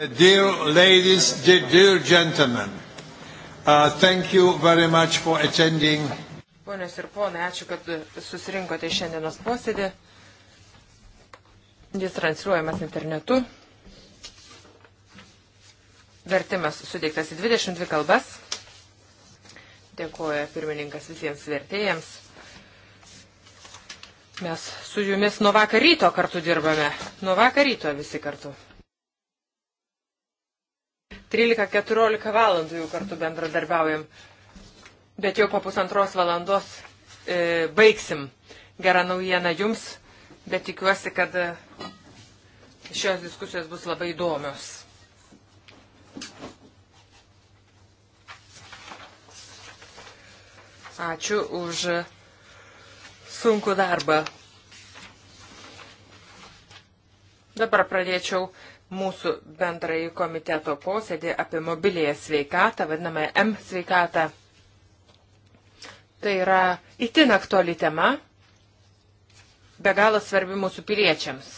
Dear ladies, dear gentlemen, uh, thank you very much for attending. Ponios ir ponai, ačiū, kad susirinkote šiandienos posėdį. Jis transliuojamas internetu. Vertimas suteiktas į 22 kalbas. Dėkuoja pirmininkas visiems vertėjams. Mes su jumis nuo vakar ryto kartu dirbame. Nuo vakar ryto visi kartu. 13-14 valandų jau kartu bendradarbiaujam. Bet jau po pusantros valandos e, baigsim. Gerą naujieną jums, bet tikiuosi, kad e, šios diskusijos bus labai įdomios. Ačiū už sunku darbą. Dabar pradėčiau mūsų bendrąjį komiteto posėdį apie mobilėje sveikatą, vadinamą M sveikatą. Tai yra itin aktuali tema, be galo svarbi mūsų piliečiams.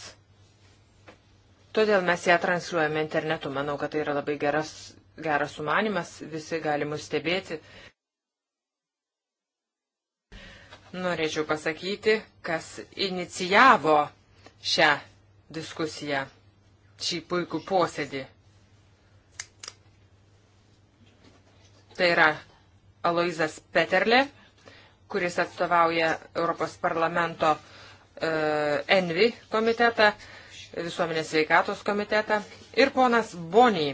Todėl mes ją transliuojame internetu. Manau, kad tai yra labai geras, geras sumanimas, visi gali mus stebėti. Norėčiau pasakyti, kas inicijavo šią diskusiją šį puikų posėdį. Tai yra Aloizas Peterle, kuris atstovauja Europos parlamento uh, Envi komitetą, visuomenės sveikatos komitetą, ir ponas Boniai,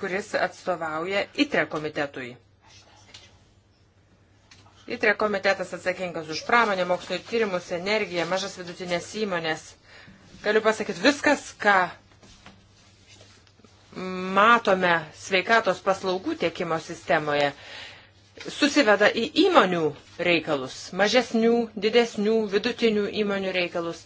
kuris atstovauja ITRE komitetui. ITRE komitetas atsakingas už pramonę, mokslo ir tyrimus, energiją, mažas vidutinės įmonės. Galiu pasakyti, viskas, ką matome sveikatos paslaugų tiekimo sistemoje, susiveda į įmonių reikalus, mažesnių, didesnių, vidutinių įmonių reikalus.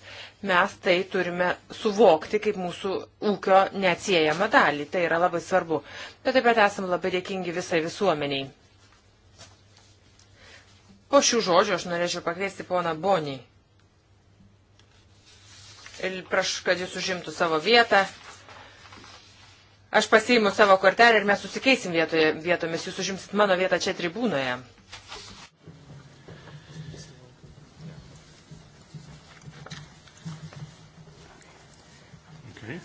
Mes tai turime suvokti kaip mūsų ūkio neatsiejama dalį. Tai yra labai svarbu. Bet taip pat esam labai dėkingi visai visuomeniai. Po šių žodžių aš norėčiau pakviesti poną Bonį. Ir prašau, kad jis užimtų savo vietą Aš pasiimu savo kortelę ir mes susikeisim vietoje, vietomis. Jūs užimsit mano vietą čia tribūnoje. Okay.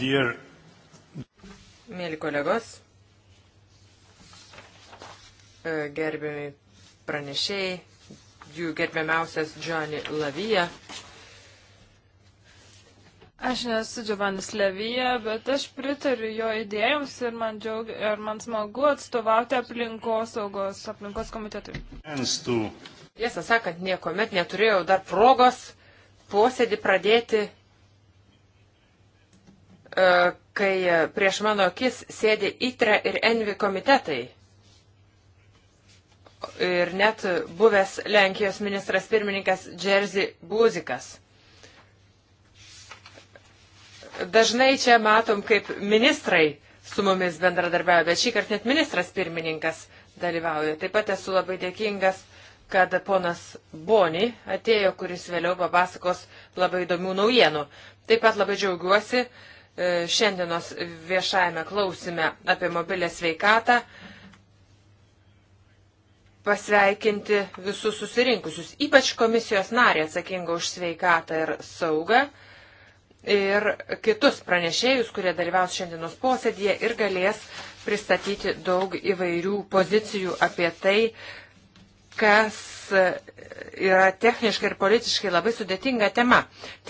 Dear... Mėly kolegos, e, gerbiami pranešėjai, jų gerbiamiausias Džani Lavija. Aš nesu Džovanis Levija, bet aš pritariu jo idėjams ir man, džiaug, ir man smagu atstovauti aplinkosaugos, aplinkos komitetui. Tiesą sakant, niekuomet neturėjau dar progos posėdį pradėti, e, kai prieš mano akis sėdi ITRE ir ENVI komitetai ir net buvęs Lenkijos ministras pirmininkas Džerzi Buzikas. Dažnai čia matom, kaip ministrai su mumis bendradarbiavo, bet šį kartą net ministras pirmininkas dalyvauja. Taip pat esu labai dėkingas, kad ponas Boni atėjo, kuris vėliau papasakos labai įdomių naujienų. Taip pat labai džiaugiuosi e, šiandienos viešajame klausime apie mobilę sveikatą pasveikinti visus susirinkusius, ypač komisijos narį atsakingą už sveikatą ir saugą ir kitus pranešėjus, kurie dalyvaus šiandienos posėdėje ir galės pristatyti daug įvairių pozicijų apie tai, kas yra techniškai ir politiškai labai sudėtinga tema.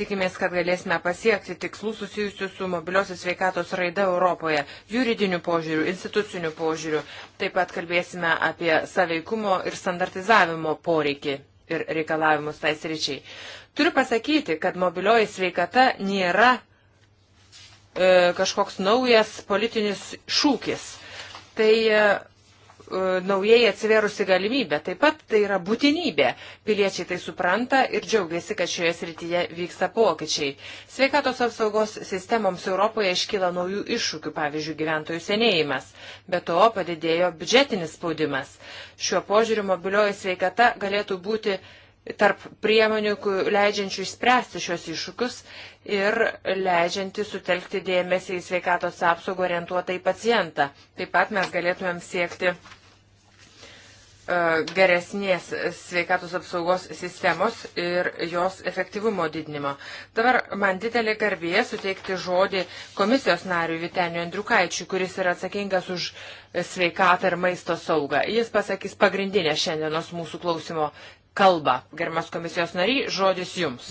Tikimės, kad galėsime pasiekti tikslų susijusių su mobiliosios sveikatos raida Europoje, juridinių požiūrių, institucinių požiūrių. Taip pat kalbėsime apie saveikumo ir standartizavimo poreikį ir reikalavimus tai sričiai. Turiu pasakyti, kad mobilioji sveikata nėra e, kažkoks naujas politinis šūkis. Tai e, E, naujai atsiverusi galimybė. Taip pat tai yra būtinybė. Piliečiai tai supranta ir džiaugiasi, kad šioje srityje vyksta pokyčiai. Sveikatos apsaugos sistemoms Europoje iškyla naujų iššūkių, pavyzdžiui, gyventojų senėjimas. Be to padidėjo biudžetinis spaudimas. Šiuo požiūriu mobilioji sveikata galėtų būti tarp priemonių, leidžiančių išspręsti šios iššūkius ir leidžianti sutelkti dėmesį į sveikatos apsaugą orientuotą į pacientą. Taip pat mes galėtumėm siekti E, geresnės sveikatos apsaugos sistemos ir jos efektyvumo didinimo. Dabar man didelė garbė suteikti žodį komisijos nariui Viteniu Andriukaičiu, kuris yra atsakingas už sveikatą ir maisto saugą. Jis pasakys pagrindinę šiandienos mūsų klausimo kalbą. Gerbiamas komisijos nariai, žodis jums.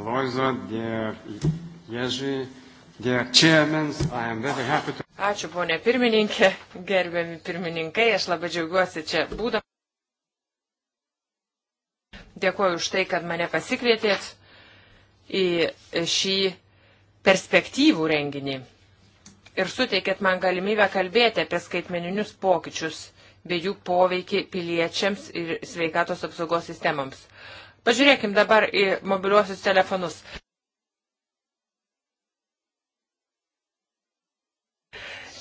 Aloizo, dėr, ježi, Ačiū, ponė pirmininkė, gerbiami pirmininkai, aš labai džiaugiuosi čia būdam. Dėkuoju už tai, kad mane pasikvietėt į šį perspektyvų renginį ir suteikėt man galimybę kalbėti apie skaitmeninius pokyčius bei jų poveikį piliečiams ir sveikatos apsaugos sistemams. Pažiūrėkim dabar į mobiliuosius telefonus.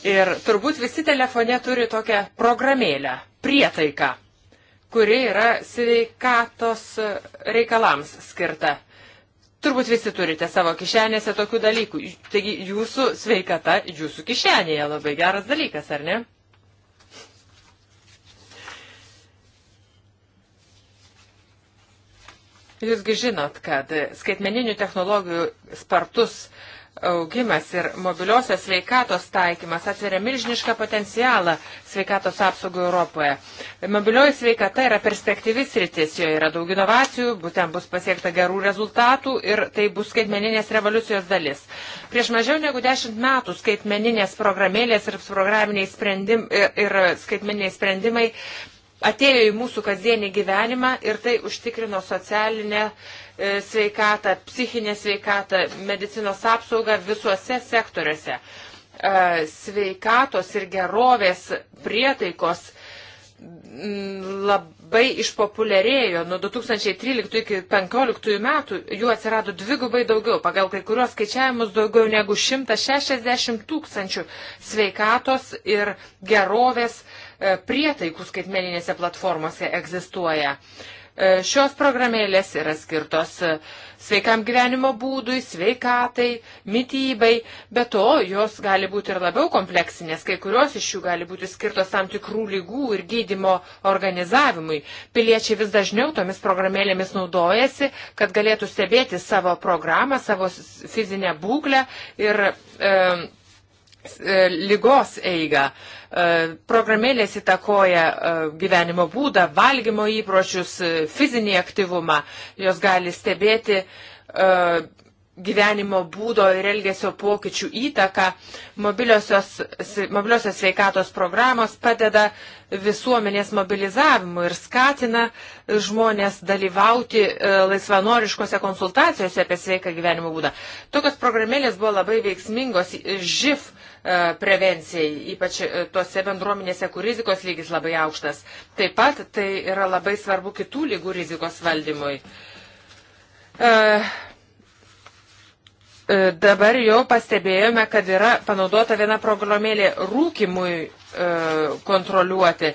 Ir turbūt visi telefone turi tokią programėlę, prietaiką, kuri yra sveikatos reikalams skirta. Turbūt visi turite savo kišenėse tokių dalykų. Taigi jūsų sveikata jūsų kišenėje labai geras dalykas, ar ne? Jūsgi žinot, kad skaitmeninių technologijų spartus uh, augimas ir mobiliosios sveikatos taikymas atveria milžinišką potencialą sveikatos apsaugai Europoje. Mobilioji sveikata yra perspektyvis rytis, joje yra daug inovacijų, būtent bus pasiekta gerų rezultatų ir tai bus skaitmeninės revoliucijos dalis. Prieš mažiau negu dešimt metų skaitmeninės programėlės ir, sprendim, ir, ir skaitmeniniai sprendimai atėjo į mūsų kasdienį gyvenimą ir tai užtikrino socialinę E, sveikatą, psichinę sveikatą, medicinos apsaugą visuose sektoriuose. E, sveikatos ir gerovės prietaikos mm, labai išpopuliarėjo. Nuo 2013 iki 2015 metų jų atsirado dvigubai daugiau. Pagal kai kuriuos skaičiavimus daugiau negu 160 tūkstančių sveikatos ir gerovės e, prietaikų skaitmeninėse platformose egzistuoja. Uh, E, šios programėlės yra skirtos e, sveikam gyvenimo būdui, sveikatai, mytybai, bet to jos gali būti ir labiau kompleksinės, kai kurios iš jų gali būti skirtos tam tikrų lygų ir gydimo organizavimui. Piliečiai vis dažniau tomis programėlėmis naudojasi, kad galėtų stebėti savo programą, savo fizinę būklę ir e, E, lygos eigą. E, programėlės įtakoja e, gyvenimo būdą, valgymo įpročius, fizinį aktyvumą. Jos gali stebėti gyvenimo būdo ir elgesio pokyčių įtaką. Mobiliosios, mobiliosios sveikatos programos padeda visuomenės mobilizavimu ir skatina žmonės dalyvauti laisvanoriškose konsultacijose apie sveiką gyvenimo būdą. Tokios programėlės buvo labai veiksmingos. ŽIF E, prevencijai, ypač e, tose bendruomenėse, kur rizikos lygis labai aukštas. Taip pat tai yra labai svarbu kitų lygų rizikos valdymui. E, dabar jau pastebėjome, kad yra panaudota viena programėlė rūkimui kontroliuoti.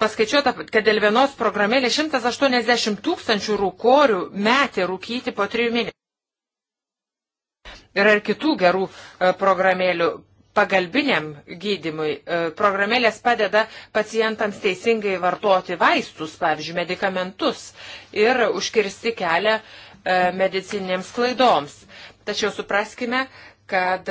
Paskaičiuota, kad dėl vienos programėlės 180 tūkstančių rūkorių metė rūkyti po trijų mėnesių. Yra ir kitų gerų programėlių pagalbiniam gydimui. E, programėlės padeda pacientams teisingai vartoti vaistus, pavyzdžiui, medikamentus ir užkirsti kelią e, medicinėms klaidoms. Tačiau supraskime, kad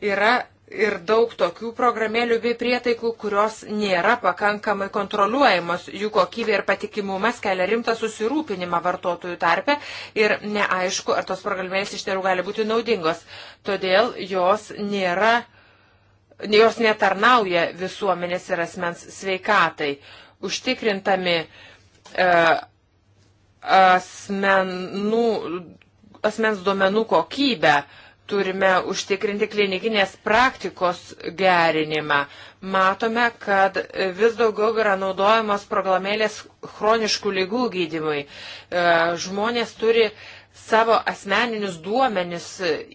yra ir daug tokių programėlių bei prietaikų, kurios nėra pakankamai kontroliuojamos, jų kokybė ir patikimumas kelia rimtą susirūpinimą vartotojų tarpe ir neaišku, ar tos programėlės iš tiesų gali būti naudingos. Todėl jos nėra uh, jos netarnauja visuomenės ir asmens sveikatai, užtikrintami e, asmenų, asmens duomenų kokybę, turime užtikrinti klinikinės praktikos gerinimą. Matome, kad vis daugiau yra naudojamos programėlės chroniškų lygų gydimui. E, žmonės turi savo asmeninius duomenis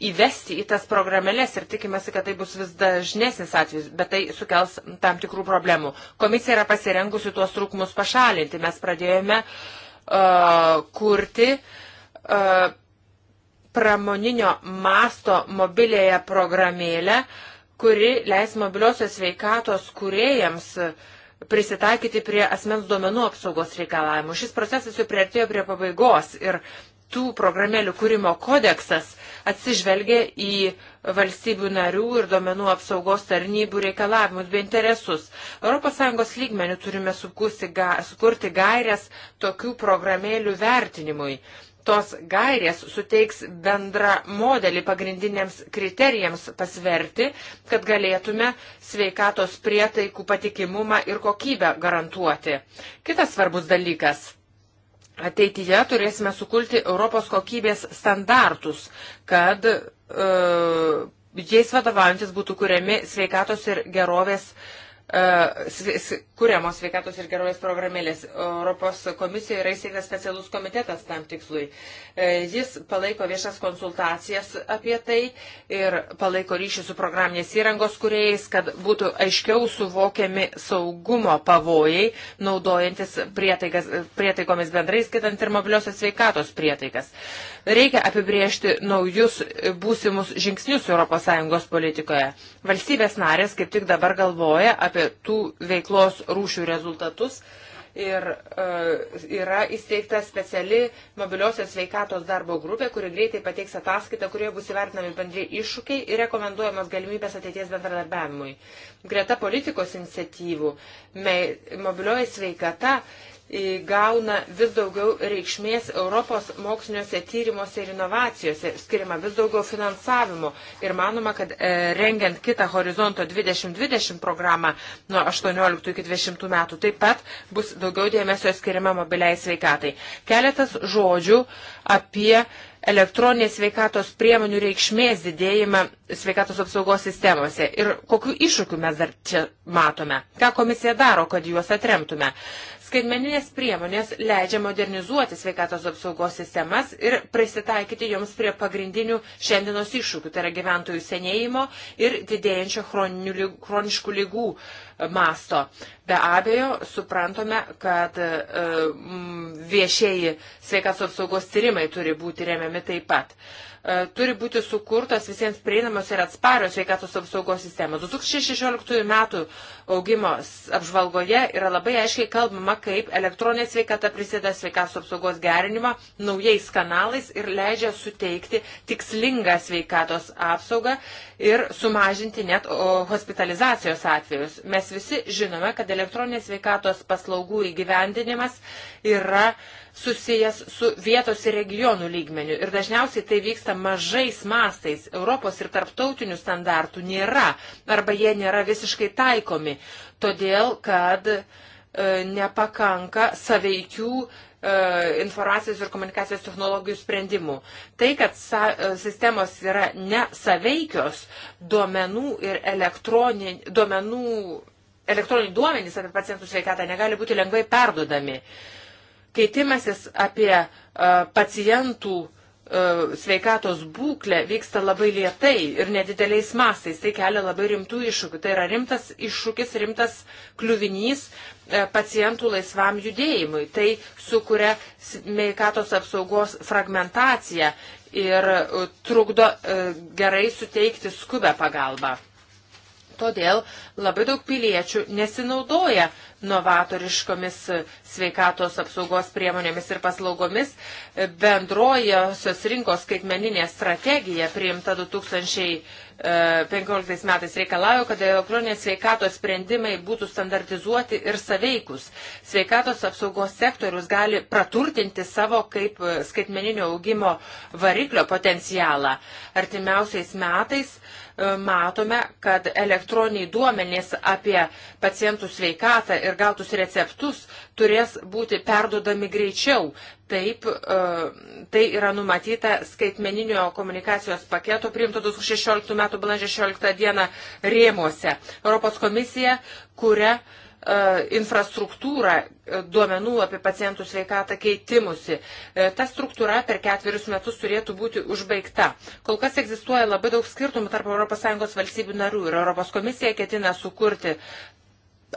įvesti į tas programėlės ir tikimasi, kad tai bus vis dažnesnis atvejis, bet tai sukels tam tikrų problemų. Komisija yra pasirengusi tuos trūkumus pašalinti. Mes pradėjome uh, kurti uh, pramoninio masto mobilėje programėlę, kuri leis mobiliosios veikatos kuriejams uh, prisitaikyti prie asmens duomenų apsaugos reikalavimų. Šis procesas jau priartėjo prie pabaigos ir tų programėlių kūrimo kodeksas atsižvelgia į valstybių narių ir domenų apsaugos tarnybų reikalavimus bei interesus. ES lygmenių turime sukurti, ga, sukurti gairias tokių programėlių vertinimui. Tos gairės suteiks bendrą modelį pagrindiniams kriterijams pasverti, kad galėtume sveikatos prietaikų patikimumą ir kokybę garantuoti. Kitas svarbus dalykas ateityje turėsime sukurti Europos kokybės standartus, kad uh, jais vadovaujantis būtų kuriami sveikatos ir gerovės uh, E, kuriamos sveikatos ir gerovės programėlės. Europos komisijoje yra įsteigtas specialus komitetas tam tikslui. E, jis palaiko viešas konsultacijas apie tai ir palaiko ryšį su programinės įrangos kuriejais, kad būtų aiškiau suvokiami saugumo pavojai, naudojantis prietaikomis bendrai, skaitant ir mobiliosios sveikatos prietaikas. Reikia apibriežti naujus būsimus žingsnius ES politikoje. Valstybės narės kaip tik dabar galvoja apie apie tų veiklos rūšių rezultatus. Ir e, yra įsteigta speciali mobiliosios veikatos darbo grupė, kuri greitai pateiks ataskaitą, kurioje bus įvertinami bendri iššūkiai ir rekomenduojamos galimybės ateities bendradarbiavimui. Greta politikos iniciatyvų me, mobilioji sveikata gauna vis daugiau reikšmės Europos moksliniuose tyrimuose ir inovacijose, skiriama vis daugiau finansavimo ir manoma, kad e, rengiant kitą horizonto 2020 programą nuo 18 iki 20 metų taip pat bus daugiau dėmesio skiriama mobiliai sveikatai. Keletas žodžių apie elektroninės sveikatos priemonių reikšmės didėjimą sveikatos apsaugos sistemose ir kokiu iššūkiu mes dar čia matome, ką komisija daro, kad juos atremtume. Skaitmeninės priemonės leidžia modernizuoti sveikatos apsaugos sistemas ir prisitaikyti joms prie pagrindinių šiandienos iššūkių, tai yra gyventojų senėjimo ir didėjančio lyg, chroniškų lygų e, masto. Be abejo, suprantame, kad e, viešieji sveikatos apsaugos tyrimai turi būti remiami taip pat. E, E, turi būti sukurtos visiems prieinamos ir atsparios sveikatos apsaugos sistemos. 2016 metų augimo apžvalgoje yra labai aiškiai kalbama, kaip elektroninė sveikata prisideda sveikatos apsaugos gerinimą naujais kanalais ir leidžia suteikti tikslingą sveikatos apsaugą ir sumažinti net hospitalizacijos atvejus. Mes visi žinome, kad elektroninės sveikatos paslaugų įgyvendinimas yra uh, susijęs su vietos ir regionų lygmeniu. Ir dažniausiai tai vyksta mažais mastais. Europos ir tarptautinių standartų nėra arba jie nėra visiškai taikomi. Todėl, kad e, nepakanka saveikių e, informacijos ir komunikacijos technologijų sprendimų. Tai, kad sa, e, sistemos yra nesaveikios, duomenų ir elektroninių duomenų, elektroniniai duomenys apie pacientų sveikatą negali būti lengvai perdodami. Uh, Keitimasis apie e, pacientų e, sveikatos būklė vyksta labai lietai ir nedideliais mastais. Tai kelia labai rimtų iššūkių. Tai yra rimtas iššūkis, rimtas kliuvinys e, pacientų laisvam judėjimui. Tai sukuria sveikatos apsaugos fragmentaciją ir trukdo gerai suteikti skubę pagalbą. Todėl labai daug piliečių nesinaudoja novatoriškomis sveikatos apsaugos priemonėmis ir paslaugomis. Bendrojosios rinkos skaitmeninė strategija priimta 2000. 15 metais reikalauja, kad elektroninės sveikatos sprendimai būtų standartizuoti ir saveikus. Sveikatos apsaugos sektorius gali praturtinti savo kaip skaitmeninio augimo variklio potencialą. Artimiausiais metais e, matome, kad elektroniniai duomenys apie pacientų sveikatą ir gautus receptus turės būti perdodami greičiau Taip, e, tai yra numatyta skaitmeninio komunikacijos paketo priimto 2016 m. balandžio 16 d. rėmuose. Europos komisija, kuria e, infrastruktūrą e, duomenų apie pacientų sveikatą keitimusi. Ta struktūra per ketverius metus turėtų būti užbaigta. Kol kas egzistuoja labai daug skirtumų tarp ES valstybių narių ir ES komisija ketina sukurti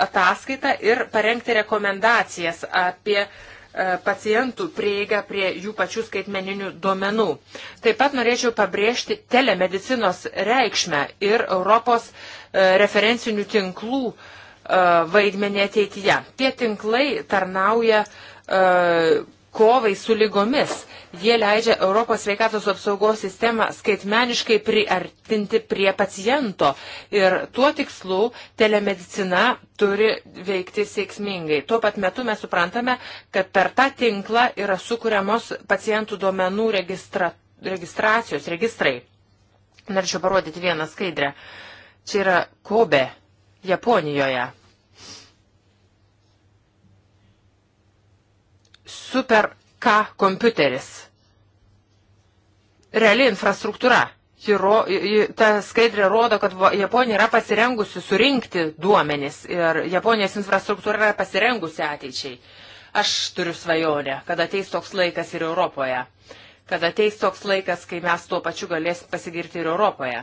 ataskaitą ir parengti rekomendacijas apie uh, E, pacientų prieigą prie jų pačių skaitmeninių duomenų. Taip pat norėčiau pabrėžti telemedicinos reikšmę ir Europos e, referencinių tinklų e, vaidmenį ateityje. Tie tinklai tarnauja kovai su lygomis. Jie leidžia Europos sveikatos apsaugos sistemą skaitmeniškai priartinti prie paciento. Ir tuo tikslu telemedicina turi veikti sėkmingai. Tuo pat metu mes suprantame, kad per tą tinklą yra sukūriamos pacientų duomenų registra, registracijos registrai. Norėčiau parodyti vieną skaidrę. Čia yra Kobe, Japonijoje. super K kompiuteris. Reali infrastruktūra. Ro, ta skaidrė rodo, kad Japonija yra pasirengusi surinkti duomenis ir Japonijos infrastruktūra yra pasirengusi ateičiai. Aš turiu svajonę, kad ateis toks laikas ir Europoje. Kad ateis toks laikas, kai mes tuo pačiu galės pasigirti ir Europoje.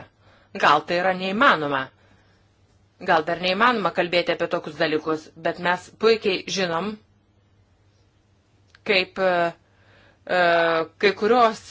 Gal tai yra neįmanoma. Gal dar neįmanoma kalbėti apie tokius dalykus, bet mes puikiai žinom, kaip e, e, kai, kurios,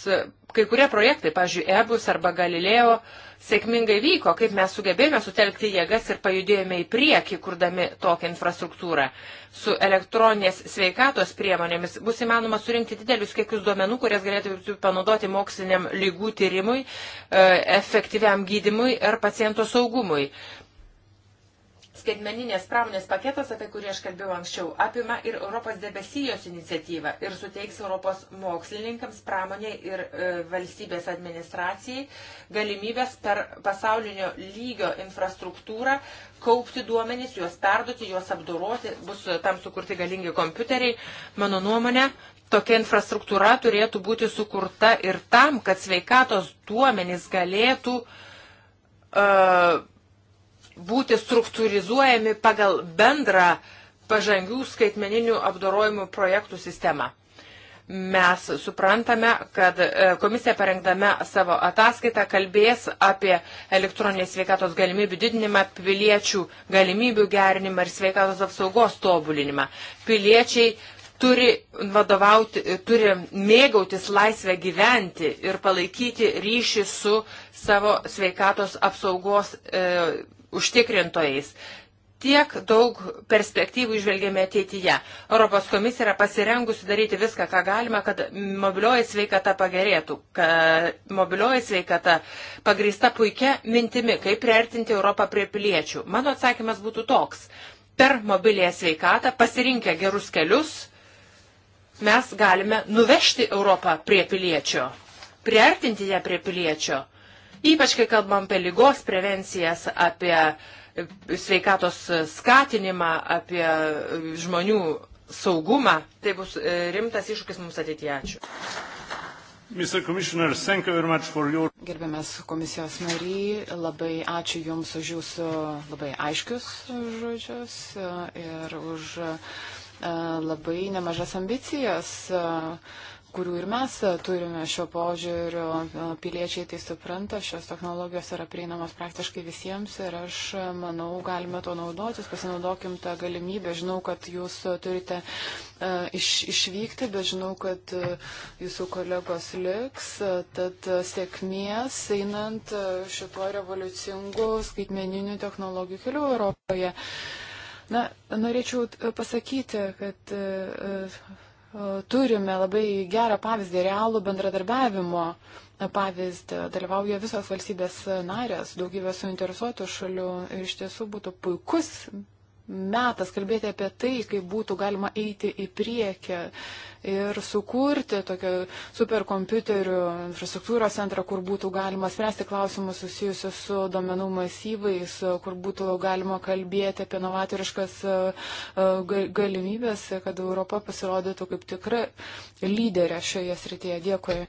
kai kurie projektai, pavyzdžiui, EBUS arba Galileo, sėkmingai vyko, kaip mes sugebėjome sutelkti jėgas ir pajudėjome į priekį, kurdami tokią infrastruktūrą. Su elektroninės sveikatos priemonėmis bus įmanoma surinkti didelius kiekius duomenų, kurias galėtų panaudoti moksliniam lygų tyrimui, e, efektyviam gydimui ir paciento saugumui skaitmeninės pramonės paketas, apie kurį aš kalbėjau anksčiau, apima ir Europos debesijos iniciatyvą ir suteiks Europos mokslininkams, pramoniai ir e, valstybės administracijai galimybės per pasaulinio lygio infrastruktūrą kaupti duomenys, juos perduoti, juos apdoroti, bus tam sukurti galingi kompiuteriai. Mano nuomonė, tokia infrastruktūra turėtų būti sukurta ir tam, kad sveikatos duomenys galėtų uh, e, būti struktūrizuojami pagal bendrą pažangių skaitmeninių apdorojimų projektų sistemą. Mes suprantame, kad e, komisija parengdame savo ataskaitą kalbės apie elektroninės sveikatos galimybių didinimą, piliečių galimybių gerinimą ir sveikatos apsaugos tobulinimą. Piliečiai turi vadovauti, turi mėgautis laisvę gyventi ir palaikyti ryšį su savo sveikatos apsaugos e, užtikrintojais. Tiek daug perspektyvų išvelgėme ateityje. Europos komisija yra pasirengusi daryti viską, ką galima, kad mobilioji sveikata pagerėtų, kad mobilioji sveikata pagrįsta puikia mintimi, kaip priartinti Europą prie piliečių. Mano atsakymas būtų toks. Per mobilėją sveikatą pasirinkę gerus kelius, mes galime nuvežti Europą prie piliečio, priartinti ją prie piliečio. Ypač, kai kalbam apie lygos prevencijas, apie sveikatos skatinimą, apie žmonių saugumą, tai bus e, rimtas iššūkis mums ateityje. Ačiū. Your... Gerbiamas komisijos nary, labai ačiū Jums už Jūsų labai aiškius žodžius e, ir už e, labai nemažas ambicijas. Uh, kurių ir mes turime šio požiūriu. Piliečiai tai supranta, šios technologijos yra prieinamos praktiškai visiems ir aš manau, galime to naudotis, pasinaudokim tą galimybę. Žinau, kad jūs turite uh, iš, išvykti, bet žinau, kad uh, jūsų kolegos liks. Uh, tad uh, sėkmės einant uh, šituo revoliucingu skaitmeniniu technologijų keliu Europoje. Na, norėčiau pasakyti, kad. Uh, turime labai gerą pavyzdį, realų bendradarbiavimo pavyzdį. Dalyvauja visos valstybės narės, daugybė suinteresuotų šalių ir iš tiesų būtų puikus metas kalbėti apie tai, kaip būtų galima eiti į priekį ir sukurti tokią superkompiuterių infrastruktūros centrą, kur būtų galima spręsti klausimus susijusius su domenų masyvais, kur būtų galima kalbėti apie novatoriškas e, e, galimybės, kad Europa pasirodytų kaip tikra lyderė šioje srityje. Dėkui.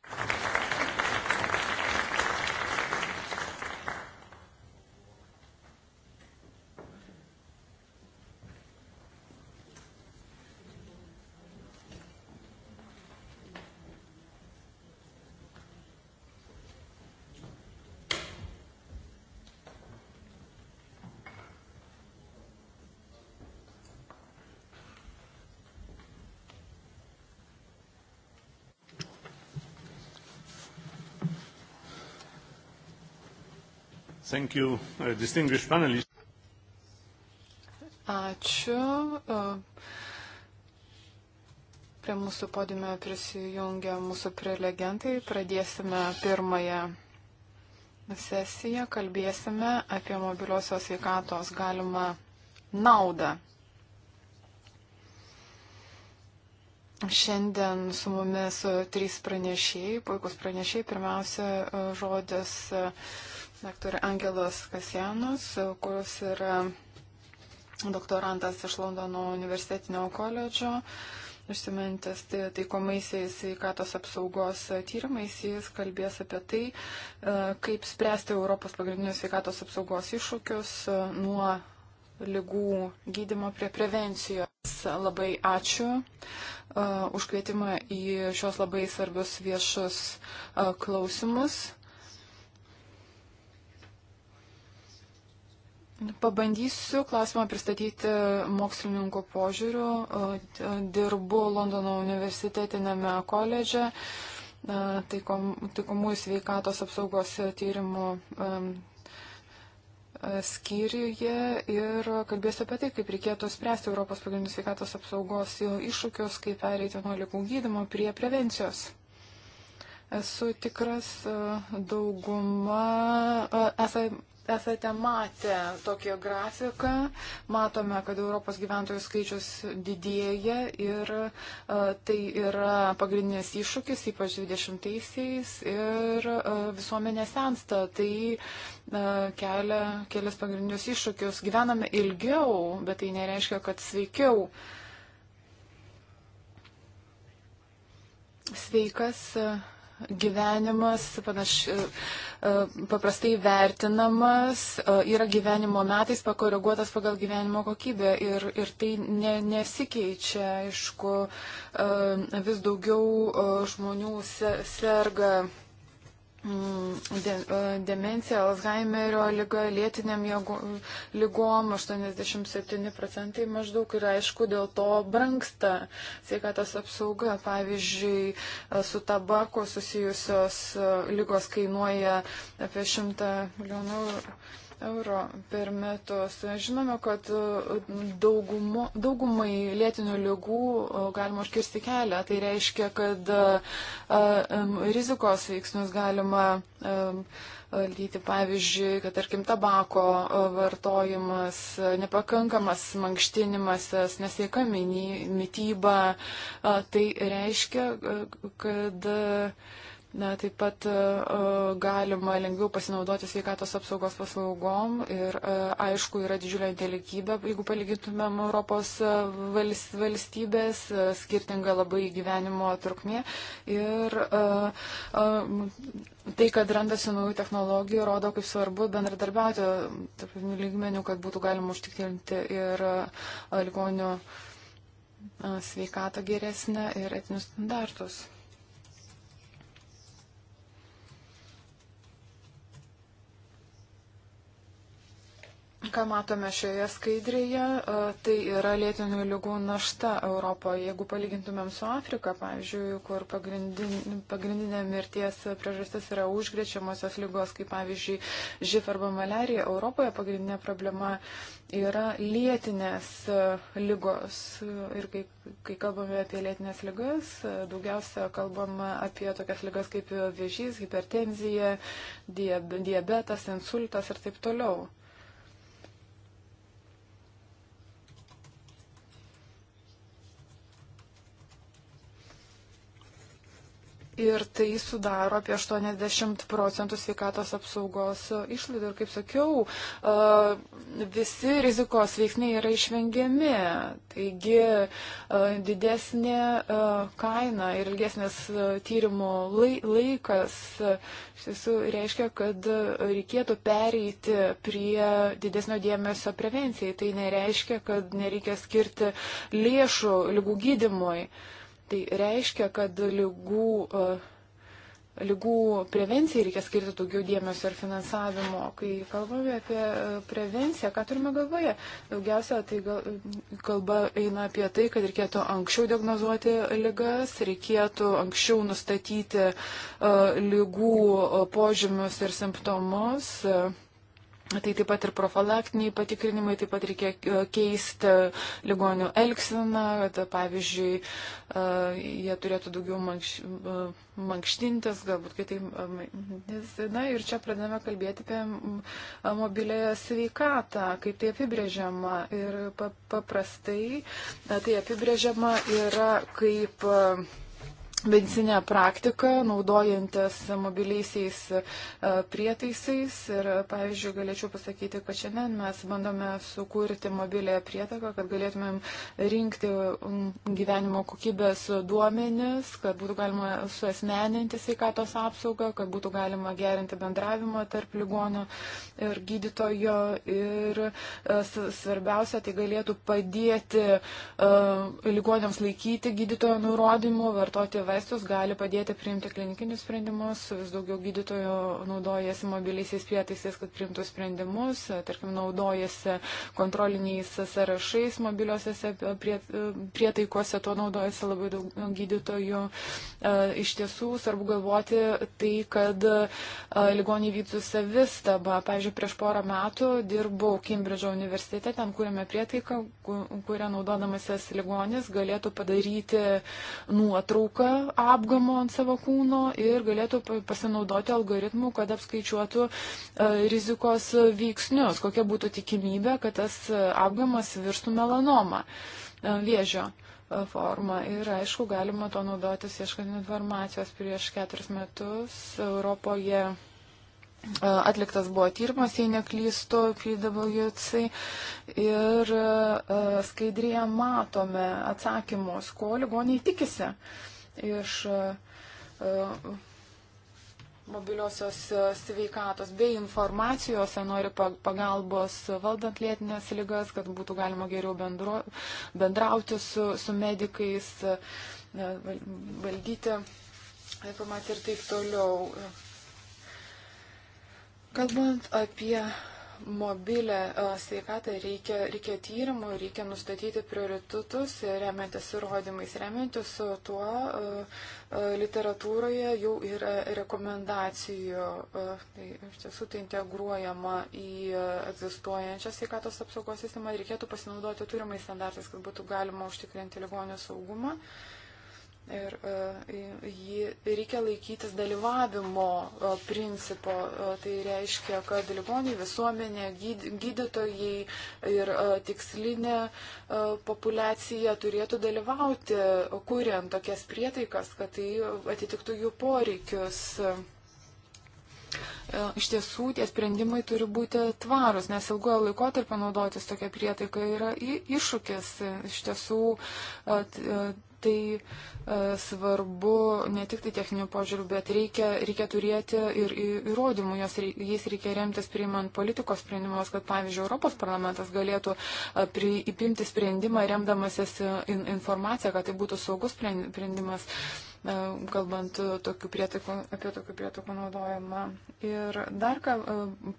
Thank you, uh, distinguished panelists. Ačiū. Uh, prie mūsų podime prisijungia mūsų prelegentai. Pradėsime pirmąją sesiją. Kalbėsime apie mobiliosios sveikatos galimą naudą. Šiandien su mumis trys pranešėjai, puikus pranešėjai. Pirmiausia, žodis. Uh, daktarė Angelos Kasienos, kuris yra doktorantas iš Londono universitetinio koledžo. Užsimintis tai, taikomaisiais sveikatos apsaugos tyrimais, jis kalbės apie tai, e, kaip spręsti Europos pagrindinius sveikatos apsaugos iššūkius e, nuo lygų gydimo prie prevencijos. Labai ačiū uh, už kvietimą į šios labai svarbius viešus uh, klausimus. Pabandysiu klausimą pristatyti mokslininko požiūriu. E, dirbu Londono universitetinėme koledže e, taikomųjų sveikatos apsaugos tyrimų e, skyriuje ir kalbėsiu apie tai, kaip reikėtų spręsti Europos pagrindų sveikatos apsaugos iššūkius, kaip pereiti nuo likų gydimo prie prevencijos. Esu tikras dauguma, esame esate matę tokį grafiką, matome, kad Europos gyventojų skaičius didėja ir e, tai yra pagrindinis iššūkis, ypač 20-aisiais, ir e, visuomenė sensta. Tai e, kelia kelias pagrindinius iššūkius. Gyvename ilgiau, bet tai nereiškia, kad sveikiau. Sveikas gyvenimas panaš, e, e, paprastai vertinamas, e, yra gyvenimo metais pakoreguotas pagal gyvenimo kokybę ir, ir tai ne, nesikeičia, aišku, vis daugiau žmonių serga. Se Mm, e, demencija, Alzheimerio lyga, lėtiniam lygom 87 procentai maždaug ir aišku dėl to branksta sveikatos apsauga. Pavyzdžiui, e, su tabako susijusios e, lygos kainuoja apie 100 milijonų eurų eurų per metus. Žinome, kad e, daugumo, daugumai lėtinių lygų e, galima užkirsti kelią. Tai reiškia, kad a, e, a, rizikos veiksnius galima a, lyti, pavyzdžiui, kad tarkim tabako vartojimas, nepakankamas mankštinimasis, nesveika mytyba. Tai reiškia, kad Na, taip pat e, e, galima lengviau pasinaudoti sveikatos apsaugos paslaugom ir e, aišku yra didžiulė neligybė, jeigu palygintumėm Europos valstybės, skirtinga labai gyvenimo trukmė. Ir tai, kad randasi naujų technologijų, rodo, kaip svarbu bendradarbiauti tarptautinių lygmenių, kad būtų galima užtikrinti ir ligonių sveikatą geresnę ir etinius standartus. Ką matome šioje skaidrėje, e, tai yra lėtinių lygų našta Europoje. Jeigu palygintumėm su Afrika, pavyzdžiui, kur pagrindin, pagrindinė mirties priežastis yra užgrečiamosios lygos, kaip pavyzdžiui, živ arba malerija, Europoje pagrindinė problema yra lėtinės e, lygos. Ir kai, kai kalbame apie lėtinės lygas, e, daugiausia kalbame apie tokias lygas kaip vėžys, hipertenzija, diabetas, insultas ir taip toliau. ir tai sudaro apie 80 procentų sveikatos apsaugos e, išlaidų. Ir kaip sakiau, e, visi rizikos veiksniai yra išvengiami. Taigi e, didesnė kaina ir ilgesnės tyrimo laikas iš tiesų reiškia, kad reikėtų pereiti prie didesnio dėmesio prevencijai. Tai nereiškia, kad nereikia skirti lėšų lygų gydimui. Uh, Tai reiškia, kad lygų, e, lygų prevencijai reikia skirti daugiau dėmesio ir finansavimo. Kai kalbame apie e, prevenciją, ką turime galvoje? Daugiausia tai gal, kalba eina apie tai, kad reikėtų anksčiau diagnozuoti lygas, reikėtų anksčiau nustatyti e, lygų požymius ir simptomus. Uh, Tai taip pat ir profilaktiniai patikrinimai, taip pat reikia e, keisti e, ligonių elgseną, kad pavyzdžiui, e, jie turėtų daugiau mankš, mankštintis, galbūt kitaip. Na ir čia pradame kalbėti apie mobilėją sveikatą, kaip tai apibrėžiama. Ir paprastai tai apibrėžiama yra kaip medicinę praktiką, naudojantis mobiliaisiais e, prietaisais. Ir, pavyzdžiui, galėčiau pasakyti, kad šiandien mes bandome sukurti mobilę prietaką, kad galėtumėm rinkti gyvenimo kokybės duomenis, kad būtų galima suosmeninti sveikatos apsaugą, kad būtų galima gerinti bendravimą tarp ligonio ir gydytojo. Ir e, svarbiausia, tai galėtų padėti uh, e, ligonėms laikyti gydytojo nurodymų, vartoti vaistus vaistus, gali padėti priimti klinikinius sprendimus, vis daugiau gydytojų naudojasi mobiliaisiais prietaisais, kad priimtų sprendimus, tarkim, naudojasi kontroliniais sąrašais mobiliuosiuose prietaikuose, tuo naudojasi labai daug gydytojų. E, iš tiesų svarbu galvoti tai, kad e, ligoniai vyktų savistabą. Pavyzdžiui, prieš porą metų dirbau Kimbridžo universitete, ten kūrėme prietaiką, kurią naudodamasis ligonis galėtų padaryti nuotrauką apgamo ant savo kūno ir galėtų pasinaudoti algoritmų, kad apskaičiuotų e, rizikos veiksnius, kokia būtų tikimybė, kad tas e, apgamas virstų melanoma e, vėžio forma. Ir aišku, galima to naudotis ieškant informacijos prieš keturis metus Europoje atliktas buvo tyrimas, jei neklystu, PWC ir skaidrėje matome atsakymus, ko ligoniai tikisi. Uh, iš e, e, mobiliosios e, sveikatos bei informacijos, nori pagalbos valdant lėtinės lygas, kad būtų galima geriau bendro, bendrauti su, su medikais, valdyti informaciją ir taip toliau. Kalbant apie mobilę e, sveikatą reikia, reikia tyrimų, reikia nustatyti prioritetus, remiantis įrodymais, remiantis tuo e, e, literatūroje jau yra rekomendacijų. Tai iš tiesų tai integruojama į egzistuojančią sveikatos apsaugos sistemą ir reikėtų pasinaudoti turimais standartais, kad būtų galima užtikrinti ligonių saugumą. Uh, Ir e, jį reikia laikytis dalyvavimo e, principo. E, tai reiškia, kad ligoniai, visuomenė, gydytojai ir tikslinė populiacija turėtų dalyvauti, kuriant tokias prietaikas, kad tai atitiktų jų poreikius. Iš tiesų, tie sprendimai turi būti tvarus, nes ilgojo laikotarpio naudotis tokia prietaika yra iššūkis. Iš tiesų, tai e, svarbu ne tik tai techninių požiūrių, bet reikia, reikia turėti ir įrodymų, jos, jais reikia remtis priimant politikos sprendimus, kad pavyzdžiui Europos parlamentas galėtų e, priimti sprendimą remdamasis e, informaciją, kad tai būtų saugus sprendimas. E, kalbant tokių prietakų, apie tokių prietakų naudojimą. Ir dar ką e,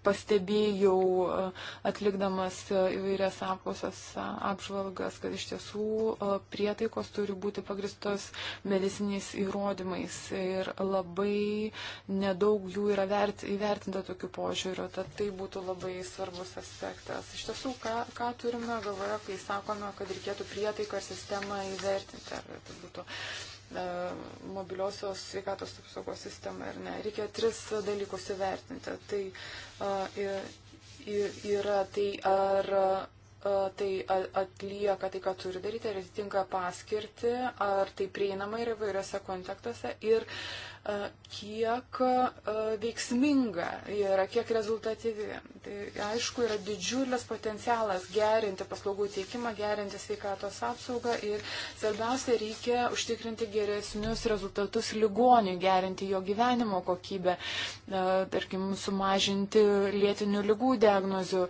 pastebėjau, e, atlikdamas įvairias apklausas apžvalgas, kad iš tiesų prietaikos turi būti pagristos mediciniais įrodymais ir labai nedaug jų yra vert, įvertinta tokiu požiūriu, tad tai būtų labai svarbus aspektas. Iš tiesų, ką, ką turime galvoje, kai sakome, kad reikėtų prietaiką ar sistemą įvertinti, ar tai būtų E, mobiliosios sveikatos apsaugos sistemą ar ne. Reikia tris dalykus įvertinti. Tai e, yra tai, ar E, tai atlieka tai, ką turi daryti, ar atitinka paskirti, ar tai prieinama yra įvairiose kontekstuose ir e, kiek e, veiksminga yra, kiek rezultatyvi. Tai aišku, yra didžiulis potencialas gerinti paslaugų teikimą, gerinti sveikatos apsaugą ir svarbiausia reikia užtikrinti geresnius rezultatus ligoniui, gerinti jo gyvenimo kokybę, tarkim, sumažinti lėtinių lygų diagnozių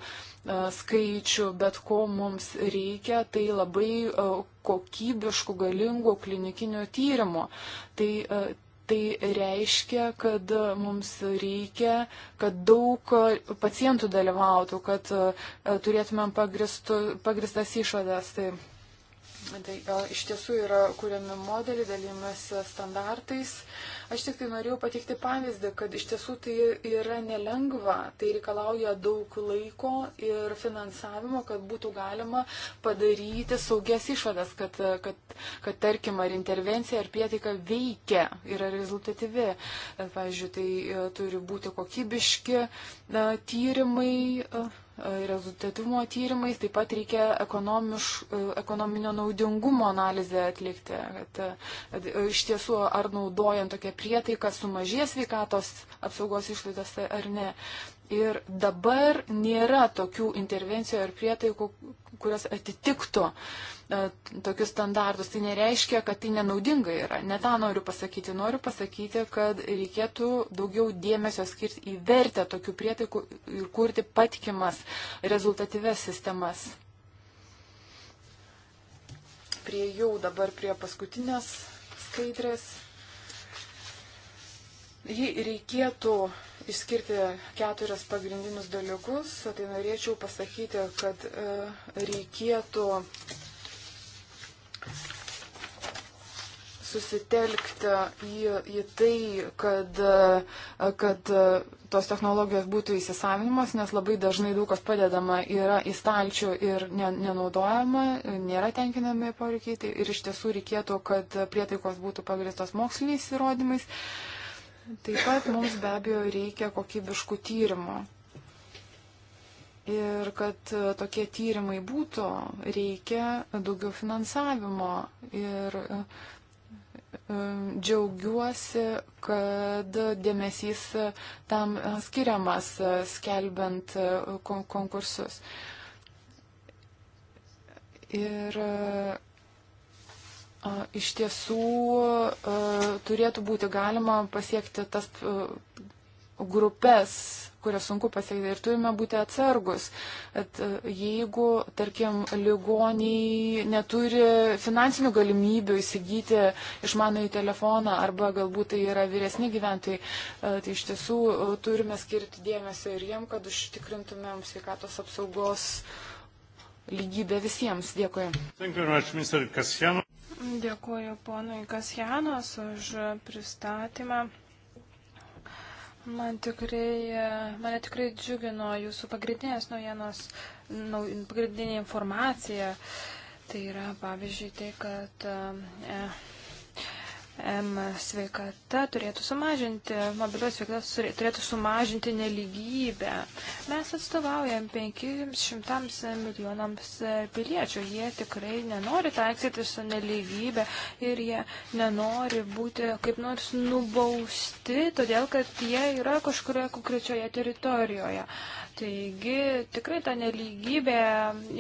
E, skaičių, bet ko mums reikia, tai labai e, kokybiškų, galingų klinikinių tyrimų. Tai e, Tai reiškia, kad mums reikia, kad daug pacientų dalyvautų, kad turėtumėm pagristas išvadas. Tai Tai iš tiesų yra kuriami modeliai, dalymas standartais. Aš tik tai norėjau pateikti pavyzdį, kad iš tiesų tai yra nelengva, tai reikalauja daug laiko ir finansavimo, kad būtų galima padaryti saugias išvadas, kad, kad, kad tarkim, ar intervencija, ar pietika veikia, yra rezultatyvi. Pavyzdžiui, tai e, turi būti kokybiški e, tyrimai. A, e, rezultatumo tyrimais, taip pat reikia ekonominio naudingumo analizę atlikti, kad, kad e, iš tiesų ar naudojant tokią prietaiką sumažės sveikatos apsaugos išlaidas ar ne. Ir dabar nėra tokių intervencijų ar prietaikų, kurios atitiktų uh, E, tokius standartus, tai nereiškia, kad tai nenaudinga yra. Ne tą noriu pasakyti. Noriu pasakyti, kad reikėtų daugiau dėmesio skirti į vertę tokių prietaikų ir kurti patikimas, rezultatyves sistemas. Prie jau dabar prie paskutinės skaidrės. Jį reikėtų išskirti keturias pagrindinius dalykus, tai norėčiau pasakyti, kad e, reikėtų susitelkti į, į tai, kad, kad tos technologijos būtų įsisavinimas, nes labai dažnai daug kas padedama yra į stalčių ir nenaudojama, nėra tenkinami poreikiai tai ir iš tiesų reikėtų, kad prietaikos būtų pagristos moksliniais įrodymais. Taip pat mums be abejo reikia kokybiškų tyrimų. Ir kad e, tokie tyrimai būtų, reikia daugiau finansavimo. Ir e, e, džiaugiuosi, kad dėmesys tam skiriamas skelbiant konkursus. Ir iš tiesų turėtų būti galima pasiekti tas grupės kurias sunku pasiekti ir turime būti atsargus. At, e, jeigu, tarkim, ligoniai neturi finansinių galimybių įsigyti išmanųjį telefoną arba galbūt tai yra vyresni gyventojai, e, tai iš tiesų e, turime skirti dėmesio ir jiem, kad užtikrintumėm sveikatos apsaugos lygybę visiems. Dėkui. Dėkuoju ponui Kasjanos už pristatymą. Man tikrai, e, mane tikrai džiugino jūsų pagrindinės naujienos, nau, pagrindinė informacija. Tai yra, pavyzdžiui, tai, kad e, M sveikata turėtų sumažinti, mobilios veiklas turėtų sumažinti neligybę. Mes atstovaujam 500 milijonams piliečių. Jie tikrai nenori taiksyti su neligybė ir jie nenori būti kaip nors nubausti, todėl kad jie yra kažkurioje konkrečioje teritorijoje. Taigi tikrai ta neligybė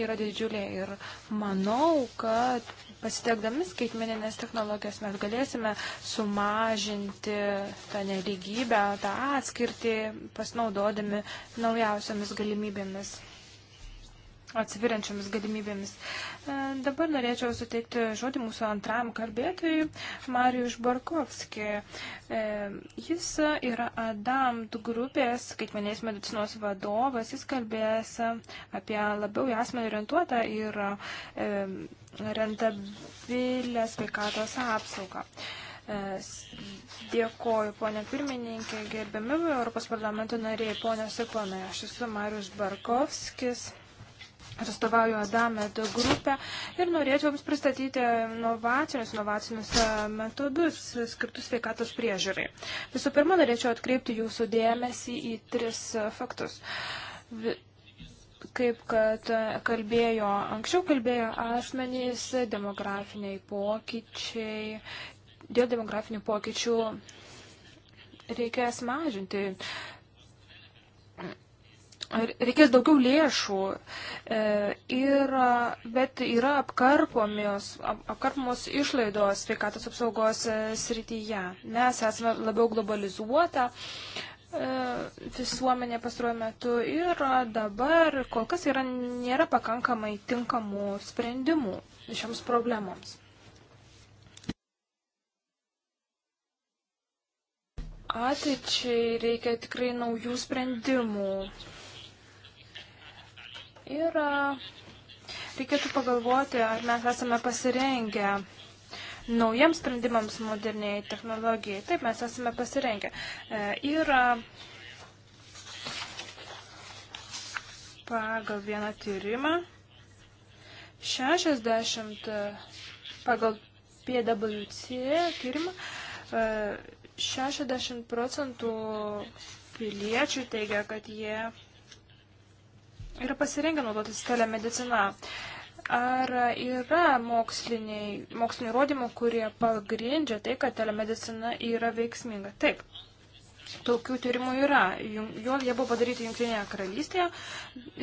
yra didžiulė ir manau, kad Pasitelkdami skaitmeninės technologijas mes galėsime sumažinti tą neligybę, tą atskirtį, pasinaudodami naujausiamis galimybėmis atsiviriančiomis galimybėmis. E, dabar norėčiau suteikti žodį mūsų antram kalbėtojui, Marijus Barkovski. E, jis yra Adamt grupės, skaitmenės medicinos vadovas, jis kalbės apie labiau į asmenį orientuotą ir e, rentabilę sveikatos apsaugą. Dėkoju, ponė pirmininkė, gerbiami Europos parlamento nariai, ponės ir ponai. Aš esu Marius Barkovskis. Aš atstovauju Adamet grupę ir norėčiau Jums pristatyti inovacinius, inovacinius e, metodus skirtus sveikatos priežiūrai. Visų pirma, norėčiau atkreipti Jūsų dėmesį į tris e, faktus. Kaip kad e, kalbėjo, anksčiau kalbėjo asmenys, demografiniai pokyčiai, dėl demografinių pokyčių reikės mažinti reikės daugiau lėšų, e, ir, bet yra apkarpomos, apkarpomos išlaidos sveikatos apsaugos e, srityje. Mes esame labiau globalizuota e, visuomenė pastaruoju metu ir dabar kol kas yra, nėra pakankamai tinkamų sprendimų šioms problemoms. Ateičiai reikia tikrai naujų sprendimų Ir reikėtų pagalvoti, ar mes esame pasirengę naujiems sprendimams moderniai technologijai. Taip, mes esame pasirengę. E, ir pagal vieną tyrimą 60 e, pagal PWC tyrimą 60 e, procentų piliečių teigia, kad jie yra pasirengę naudotis telemedicina. Ar yra mokslinių įrodymų, kurie pagrindžia tai, kad telemedicina yra veiksminga? Taip. Tokių tyrimų yra. Jo, jie buvo padaryti Junktinėje karalystėje.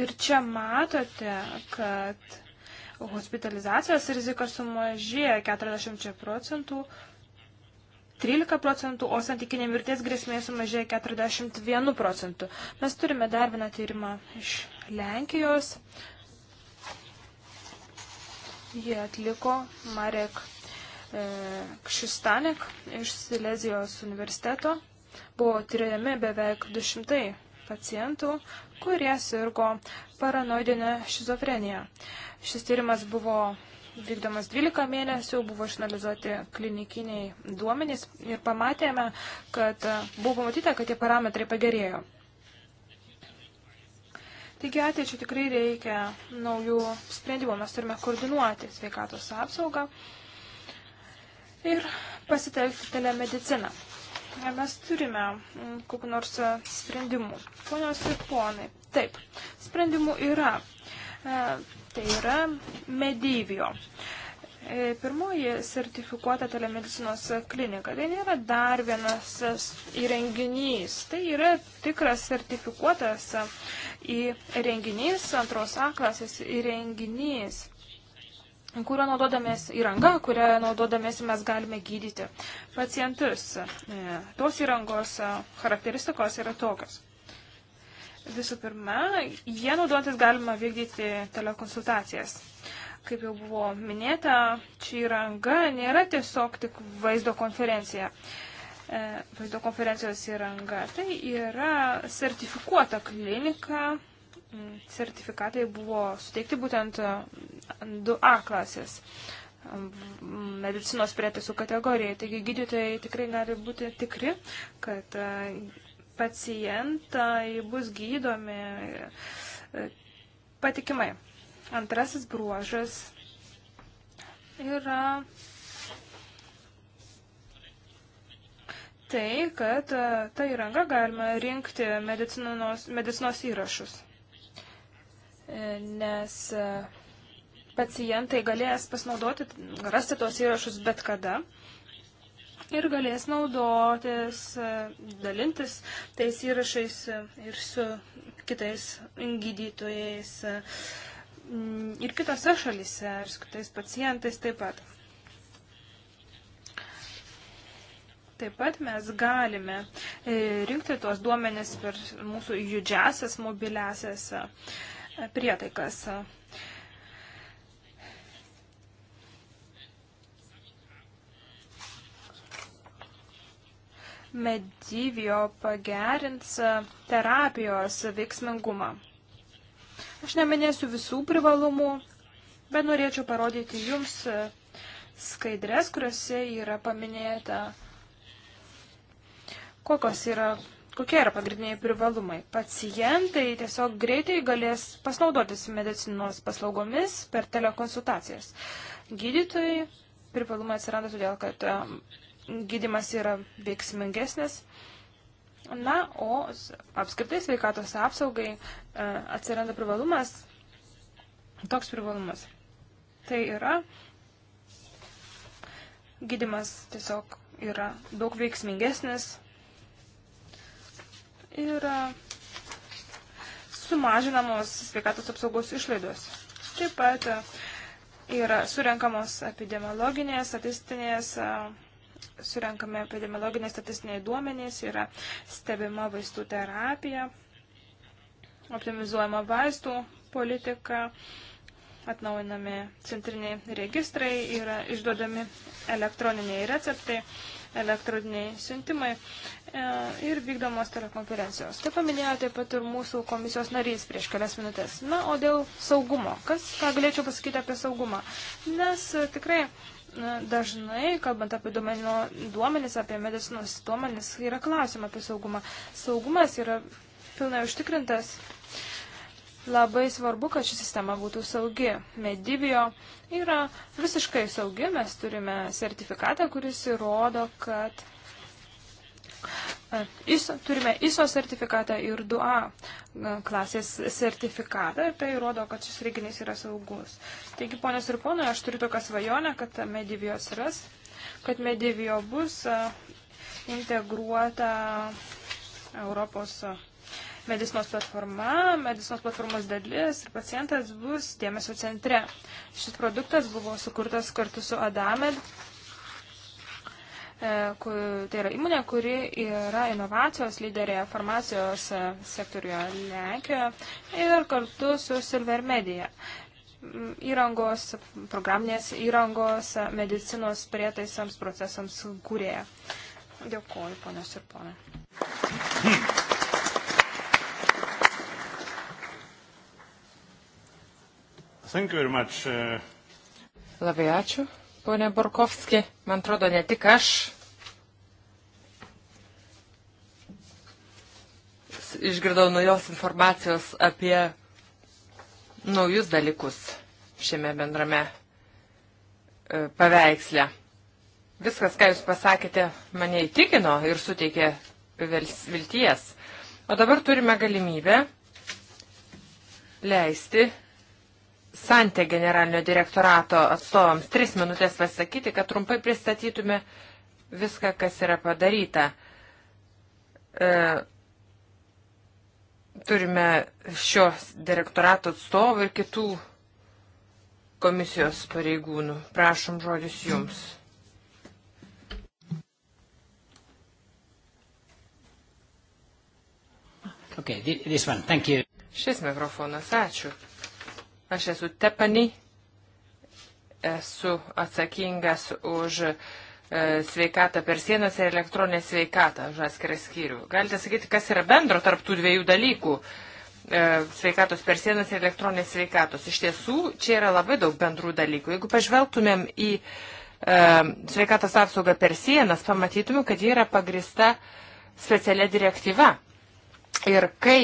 Ir čia matote, kad hospitalizacijos rizika sumažėja 40 procentų, 13 procentų, o santykinė mirties grėsmė sumažėja 41 procentų. Mes turime dar vieną tyrimą iš Lenkijos. Jie atliko Marek e, Kšistanek iš Silezijos universiteto. Buvo tyriami beveik 200 pacientų, kurie sirgo paranoidinę šizofreniją. Šis tyrimas buvo vykdomas 12 mėnesių, buvo išanalizuoti klinikiniai duomenys ir pamatėme, kad buvo matyta, kad tie parametrai pagerėjo. Taigi ateičiau tikrai reikia naujų sprendimų. Mes turime koordinuoti sveikatos apsaugą ir pasitelkti telemediciną. Mes turime mm, kokiu nors sprendimų. Ponios ir ponai, taip, sprendimų yra. E, tai yra medivio. E, E, pirmoji sertifikuota telemedicinos klinika. Tai nėra dar vienas įrenginys. Tai yra tikras sertifikuotas e, įrenginys, antros aklasis įrenginys kuriuo naudodamės įranga, kurią naudodamės mes galime gydyti pacientus. E, tos įrangos charakteristikos yra tokios. Visų pirma, jie naudotis galima vykdyti telekonsultacijas kaip jau buvo minėta, ši įranga nėra tiesiog tik vaizdo konferencija. E, vaizdo konferencijos įranga. Tai yra sertifikuota klinika. Mm, sertifikatai buvo suteikti būtent 2A e, klasės mm, medicinos prietaisų kategorijai. Taigi gydytojai tikrai gali būti tikri, kad e, pacientai bus gydomi patikimai. Antrasis bruožas yra tai, kad e, tą įrangą galima rinkti medicinos, medicinos įrašus, e, nes e, pacientai galės pasinaudoti, rasti tos įrašus bet kada ir galės naudotis, dalintis tais įrašais ir su kitais gydytojais, Mm, ir kitose šalise, ir su kitais pacientais taip pat. Taip pat mes galime e, rinkti tuos duomenis per mūsų judžiasias, mobiliasias e, prietaikas. Medivio pagerins e, terapijos veiksmingumą. Aš neminėsiu visų privalumų, bet norėčiau parodyti jums e, skaidrės, kuriuose yra paminėta, kokios yra, kokie yra pagrindiniai privalumai. Pacientai tiesiog greitai galės pasinaudotis medicinos paslaugomis per telekonsultacijas. Gydytojai privalumai atsiranda todėl, kad e, gydimas yra veiksmingesnis. Na, o apskritai sveikatos apsaugai E, atsiranda privalumas, toks privalumas. Tai yra, gydimas tiesiog yra daug veiksmingesnis ir e, sumažinamos sveikatos apsaugos išlaidos. Taip pat e, yra surenkamos epidemiologinės, statistinės, surenkame epidemiologinės statistiniai duomenys, yra stebima vaistų terapija optimizuojama vaistų politika, atnaujinami centriniai registrai, yra išduodami elektroniniai receptai, elektroniniai siuntimai e, ir vykdomos telekonferencijos. Tai paminėjo taip pat ir mūsų komisijos narys prieš kelias minutės. Na, o dėl saugumo. Kas, ką galėčiau pasakyti apie saugumą? Nes e, tikrai dažnai, kalbant apie duomenio, duomenis, apie medicinos duomenis, yra klausimai apie saugumą. Saugumas yra pilnai užtikrintas. Labai svarbu, kad ši sistema būtų saugi. Medivio yra visiškai saugi, mes turime sertifikatą, kuris įrodo, kad e, ISO, turime ISO sertifikatą ir 2A e, klasės sertifikatą ir tai rodo, kad šis reginys yra saugus. Taigi, ponios ir ponai, aš turiu tokią svajonę, kad Medivio atsiras, kad Medivio bus e, integruota Europos medicinos platforma, medicinos platformos dalis ir pacientas bus dėmesio centre. Šis produktas buvo sukurtas kartu su Adamed. E, tai yra įmonė, kuri yra inovacijos lyderė farmacijos e, sektoriuje Lenkijoje ir kartu su Silver Media įrangos, programinės įrangos, e, medicinos prietaisams, procesams kūrėja. Dėkuoju, ponios ir ponai. Hmm. Uh, Labai ačiū, ponė Borkovski. Man atrodo, ne tik aš išgirdau naujos informacijos apie naujus dalykus šiame bendrame e, paveiksle. Viskas, ką Jūs pasakėte, mane įtikino ir suteikė vilties. O dabar turime galimybę leisti Santė generalinio direktorato atstovams tris minutės pasakyti, kad trumpai pristatytume viską, kas yra padaryta. E, turime šios direktorato atstovų ir kitų komisijos pareigūnų. Prašom žodis jums. Okay, this one. Thank you. Šis mikrofonas, ačiū. Aš esu Tepani, esu atsakingas už e, sveikatą per sienas ir elektroninę sveikatą už atskirą skyrių. Galite sakyti, kas yra bendro tarptų dviejų dalykų e, - sveikatos per sienas ir elektroninės sveikatos. Iš tiesų, čia yra labai daug bendrų dalykų. Jeigu pažvelgtumėm į e, sveikatos apsaugą per sienas, pamatytumėm, kad ji yra pagrista specialia direktyva. Ir kai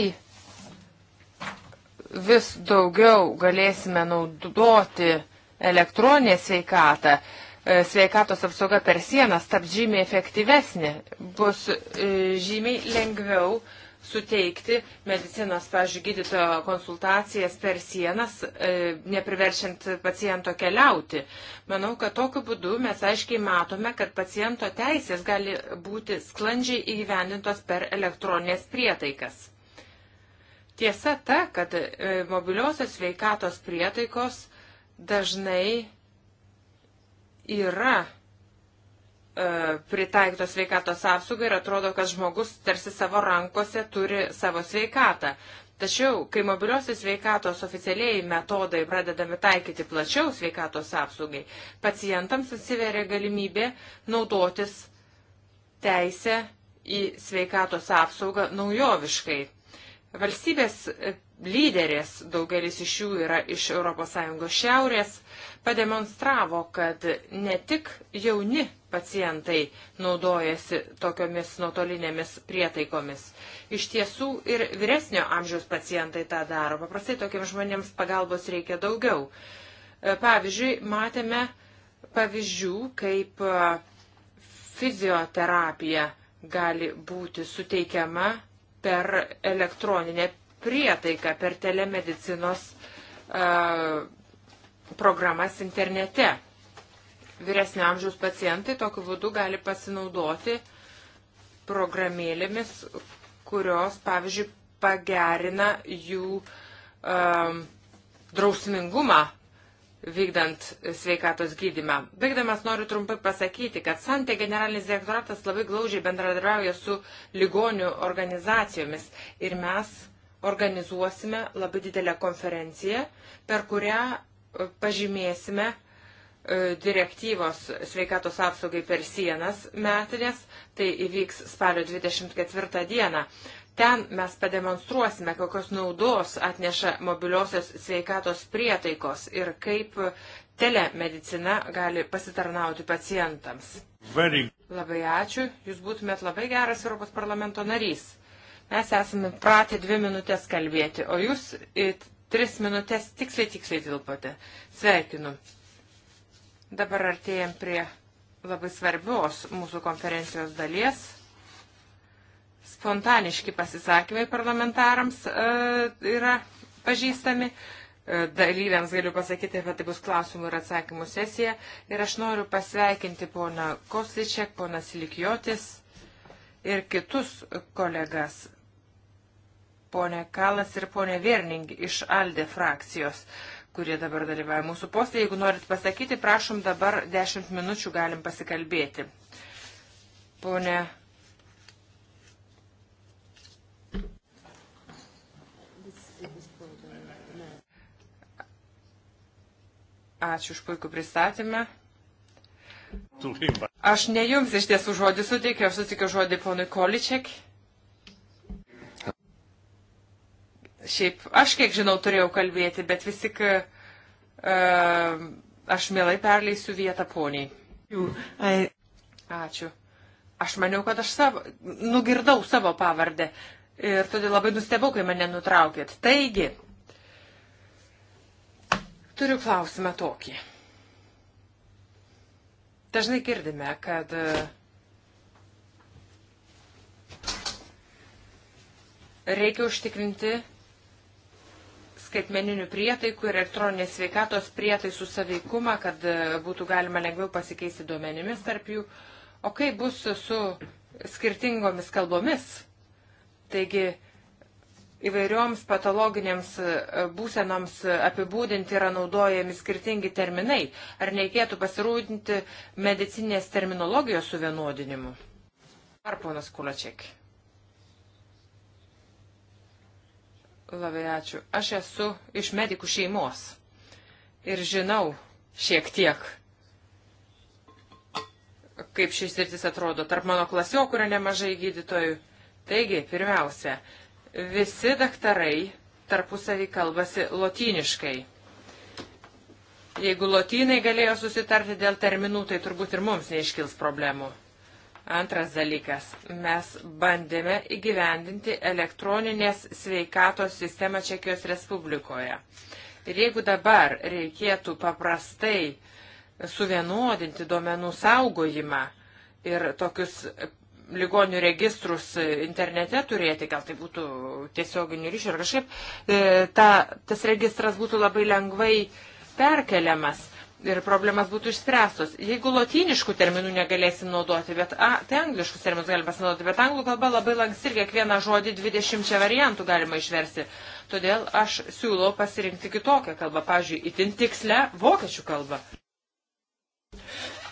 vis daugiau galėsime naudoti elektroninę sveikatą, e, sveikatos apsauga per sienas taps žymiai efektyvesnė, bus e, žymiai lengviau suteikti medicinos, pavyzdžiui, gydytojo konsultacijas per sienas, e, nepriveršiant paciento keliauti. Manau, kad tokiu būdu mes aiškiai matome, kad paciento teisės gali būti sklandžiai įgyvendintos per elektroninės prietaikas. Tiesa ta, kad e, mobiliosios veikatos prietaikos dažnai yra e, pritaiktos sveikatos apsaugai ir atrodo, kad žmogus tarsi savo rankose turi savo sveikatą. Tačiau, kai mobiliosios sveikatos oficialiai metodai pradedami taikyti plačiau sveikatos apsaugai, pacientams atsiveria galimybė naudotis teisę į sveikatos apsaugą naujoviškai. Valstybės e, lyderės, daugelis iš jų yra iš ES šiaurės, pademonstravo, kad ne tik jauni pacientai naudojasi tokiomis nuotolinėmis prietaikomis. Iš tiesų ir vyresnio amžiaus pacientai tą daro. Paprastai tokiems žmonėms pagalbos reikia daugiau. E, pavyzdžiui, matėme pavyzdžių, kaip e, fizioterapija gali būti suteikiama per elektroninę prietaiką, per telemedicinos uh, programas internete. Vyresnio amžiaus pacientai tokiu būdu gali pasinaudoti programėlėmis, kurios, pavyzdžiui, pagerina jų um, drausmingumą vykdant sveikatos gydimą. Baigdamas noriu trumpai pasakyti, kad Santė generalinis direktoratas labai glaužiai bendradarbiauja su ligonių organizacijomis ir mes organizuosime labai didelę konferenciją, per kurią e, pažymėsime e, direktyvos sveikatos apsaugai per sienas metinės, tai įvyks spalio 24 dieną. Ten mes pademonstruosime, kokios naudos atneša mobiliosios sveikatos prietaikos ir kaip telemedicina gali pasitarnauti pacientams. Very. Labai ačiū, jūs būtumėt labai geras Europos parlamento narys. Mes esame pratę dvi minutės kalbėti, o jūs į tris minutės tiksliai tiksliai tilpote. Sveikinu. Dabar artėjom prie labai svarbios mūsų konferencijos dalies spontaniški pasisakymai parlamentarams e, yra pažįstami. E, dalyviams galiu pasakyti, kad tai bus klausimų ir atsakymų sesija. Ir aš noriu pasveikinti poną Kosličiak, poną Silikiotis ir kitus kolegas, ponę Kalas ir ponę Verning iš Alde frakcijos kurie dabar dalyvauja mūsų postė. Jeigu norit pasakyti, prašom dabar 10 minučių galim pasikalbėti. Pone Ačiū už puikų pristatymą. Aš ne jums iš tiesų žodį suteikiu, aš suteikiu žodį ponui Količek. Šiaip, aš kiek žinau, turėjau kalbėti, bet vis tik uh, aš mielai perleisiu vietą poniai. Ačiū. Aš maniau, kad aš savo, nugirdau savo pavardę ir todėl labai nustebau, kai mane nutraukėt. Taigi, Turiu klausimą tokį. Dažnai girdime, kad e, reikia užtikrinti skaitmeninių prietaikų ir elektroninės sveikatos prietaisų saveikumą, kad e, būtų galima lengviau pasikeisti duomenimis tarp jų. O kaip bus su skirtingomis kalbomis? Taigi, įvairioms patologinėms e, būsenoms apibūdinti yra naudojami skirtingi terminai. Ar reikėtų pasirūpinti medicinės terminologijos suvienodinimu? Ar ponas Kulačiek? Labai ačiū. Aš esu iš medikų šeimos ir žinau šiek tiek, kaip šis sritis atrodo. Tarp mano klasiokų yra nemažai gydytojų. Taigi, pirmiausia, Visi daktarai tarpusavį kalbasi lotyniškai. Jeigu lotynai galėjo susitarti dėl terminų, tai turbūt ir mums neiškils problemų. Antras dalykas. Mes bandėme įgyvendinti elektroninės sveikatos sistemą Čekijos Respublikoje. Ir jeigu dabar reikėtų paprastai suvienodinti duomenų saugojimą ir tokius ligonių registrus internete turėti, gal tai būtų tiesioginių ryšių ar kažkaip, e, ta, tas registras būtų labai lengvai perkeliamas ir problemas būtų išspręstos. Jeigu lotyniškų terminų negalėsim naudoti, bet a, tai angliškus terminus galime pasinaudoti, bet anglų kalba labai lanksti ir kiekvieną žodį 20 variantų galima išversti. Todėl aš siūlau pasirinkti kitokią kalbą, pavyzdžiui, itin tikslę vokiečių kalbą.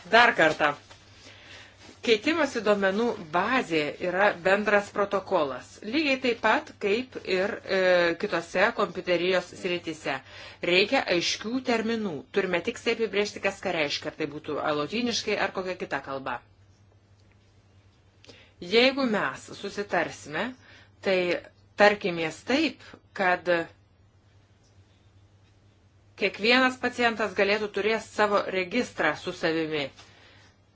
Dar kartą. Keitimosi duomenų bazė yra bendras protokolas, lygiai taip pat kaip ir e, kitose kompiuterijos sritise. Reikia aiškių terminų, turime tik taip įbriežti, kas ką reiškia, ar tai būtų lotyniškai ar kokia kita kalba. Jeigu mes susitarsime, tai tarkimės taip, kad kiekvienas pacientas galėtų turės savo registrą su savimi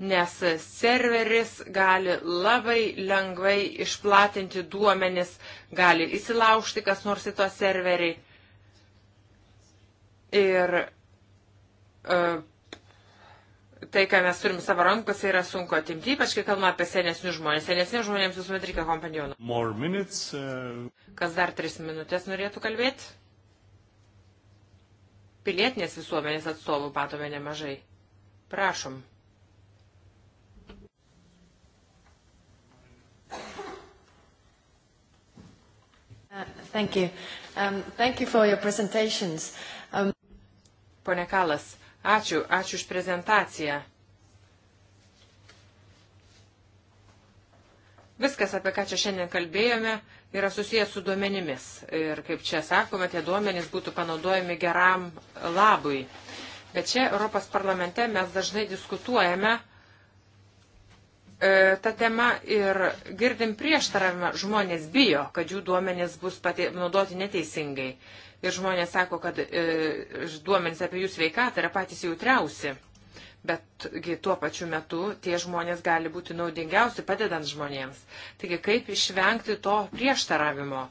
nes serveris gali labai lengvai išplatinti duomenis, gali įsilaužti kas nors į to serverį. Ir uh, tai, ką mes turim savo rankose, yra sunku atimti, ypač kai kalbame apie senesnius žmonės. Senesniems žmonėms visuomet reikia kompanionų. Minutes, uh... Kas dar tris minutės norėtų kalbėti? Pilietinės visuomenės atstovų matome nemažai. Prašom. Uh, thank you. Um, thank you for your presentations. Um... Pone Kalas, ačiū, ačiū už prezentaciją. Viskas, apie ką čia šiandien kalbėjome, yra susijęs su duomenimis. Ir kaip čia sakome, tie duomenys būtų panaudojami geram labui. Bet čia Europos parlamente mes dažnai diskutuojame, E, ta tema ir girdim prieštaravimą, žmonės bijo, kad jų duomenys bus pati, naudoti neteisingai. Ir žmonės sako, kad e, duomenys apie jų sveikatą yra patys jautriausi. Betgi tuo pačiu metu tie žmonės gali būti naudingiausi padedant žmonėms. Taigi kaip išvengti to prieštaravimo,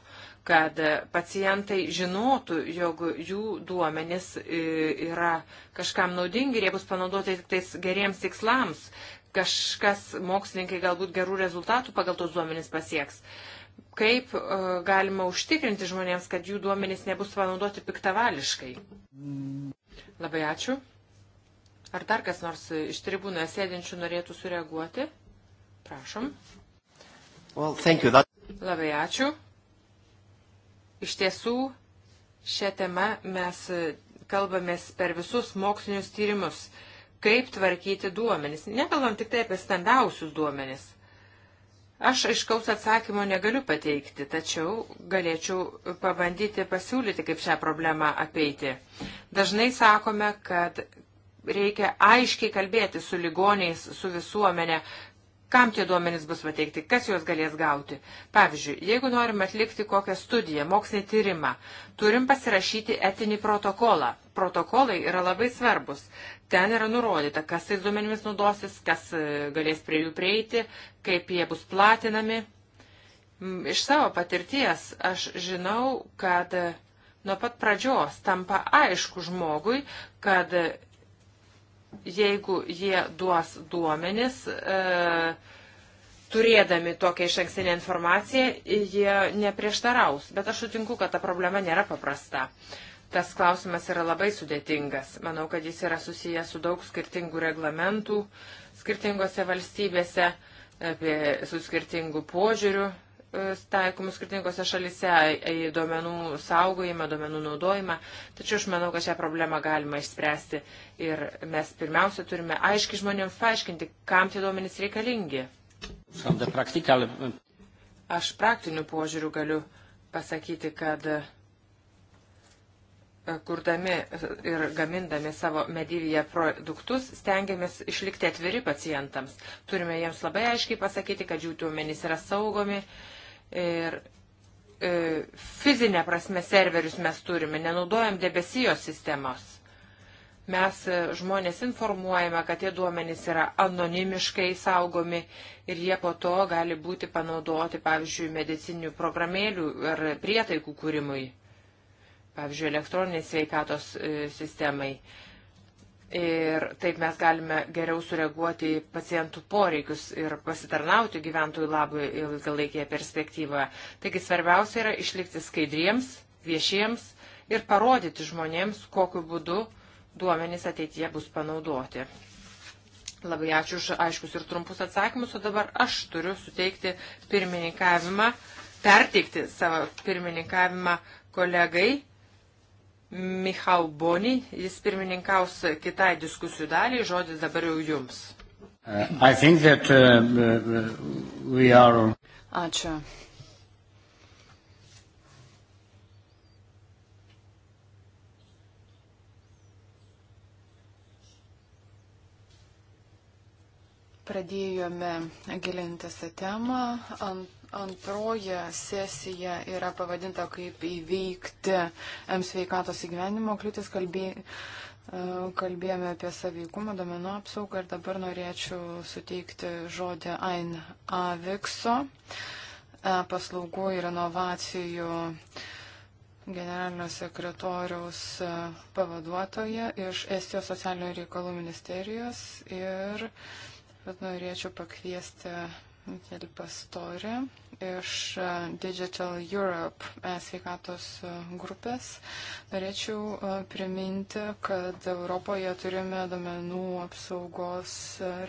kad pacientai žinotų, jog jų duomenys e, yra kažkam naudingi ir jie bus panaudoti tik tais geriems tikslams, kažkas mokslininkai galbūt gerų rezultatų pagal tos duomenys pasieks. Kaip uh, galima užtikrinti žmonėms, kad jų duomenys nebus panaudoti piktavališkai? Labai ačiū. Ar dar kas nors iš tribūnoje sėdinčių norėtų sureaguoti? Prašom. Well, That... Labai ačiū. Iš tiesų, šią temą mes kalbamės per visus mokslinius tyrimus. Uh, kaip tvarkyti duomenis. Nekalbam tik tai apie stambiausius duomenis. Aš aiškaus atsakymo negaliu pateikti, tačiau galėčiau pabandyti pasiūlyti, kaip šią problemą apeiti. Dažnai sakome, kad reikia aiškiai kalbėti su ligoniais, su visuomenė, kam tie duomenys bus pateikti, kas juos galės gauti. Pavyzdžiui, jeigu norim atlikti kokią studiją, mokslinį tyrimą, turim pasirašyti etinį protokolą. Protokolai yra labai svarbus ten yra nurodyta, kas tais duomenimis naudosis, kas e, galės prie jų prieiti, kaip jie bus platinami. Iš savo patirties aš žinau, kad e, nuo pat pradžios tampa aišku žmogui, kad e, jeigu jie duos duomenis, e, turėdami tokią iš ankstinę informaciją, jie neprieštaraus. Bet aš sutinku, kad ta problema nėra paprasta. E, tas klausimas yra labai sudėtingas. Manau, kad jis yra susijęs su daug skirtingų reglamentų skirtingose valstybėse, apie, su skirtingu požiūriu e, taikomų skirtingose šalise į duomenų saugojimą, duomenų naudojimą. Tačiau aš manau, kad šią problemą galima išspręsti ir mes pirmiausia turime aiškiai žmonėms paaiškinti, kam tie duomenys reikalingi. Aš praktiniu požiūriu galiu pasakyti, kad E, kurdami ir gamindami savo medyvyje produktus, stengiamės išlikti atviri pacientams. Turime jiems labai aiškiai pasakyti, kad jų duomenys yra saugomi ir e, fizinė prasme serverius mes turime, nenaudojam debesijos sistemos. Mes e, žmonės informuojame, kad tie duomenys yra anonimiškai saugomi ir jie po to gali būti panaudoti, pavyzdžiui, medicinių programėlių ar prietaikų kūrimui pavyzdžiui, elektroniniai sveikatos e, sistemai. Ir taip mes galime geriau sureaguoti į pacientų poreikius ir pasitarnauti gyventojų labui ilgalaikėje perspektyvoje. Taigi svarbiausia yra išlikti skaidriems, viešiems ir parodyti žmonėms, kokiu būdu duomenys ateityje bus panaudoti. Labai ačiū už aiškus ir trumpus atsakymus, o dabar aš turiu suteikti pirmininkavimą, perteikti savo pirmininkavimą kolegai Michal Boni, jis pirmininkaus kitai diskusijų daliai, žodis dabar jau jums. Uh, that, uh, uh are... Ačiū. pradėjome gilintis į temą. Ant Antroji sesija yra pavadinta kaip įveikti M sveikatos įgyvenimo kliūtis. Kalbė, e, kalbėjome apie saveikumą, domenų apsaugą ir dabar norėčiau suteikti žodį Ain Avikso e, paslaugų ir inovacijų generalinio sekretoriaus e, pavaduotoja iš Estijos socialinio reikalų ministerijos ir norėčiau pakviesti Mikel Pastorė iš e, Digital Europe e, sveikatos e, grupės. Norėčiau priminti, kad Europoje turime domenų apsaugos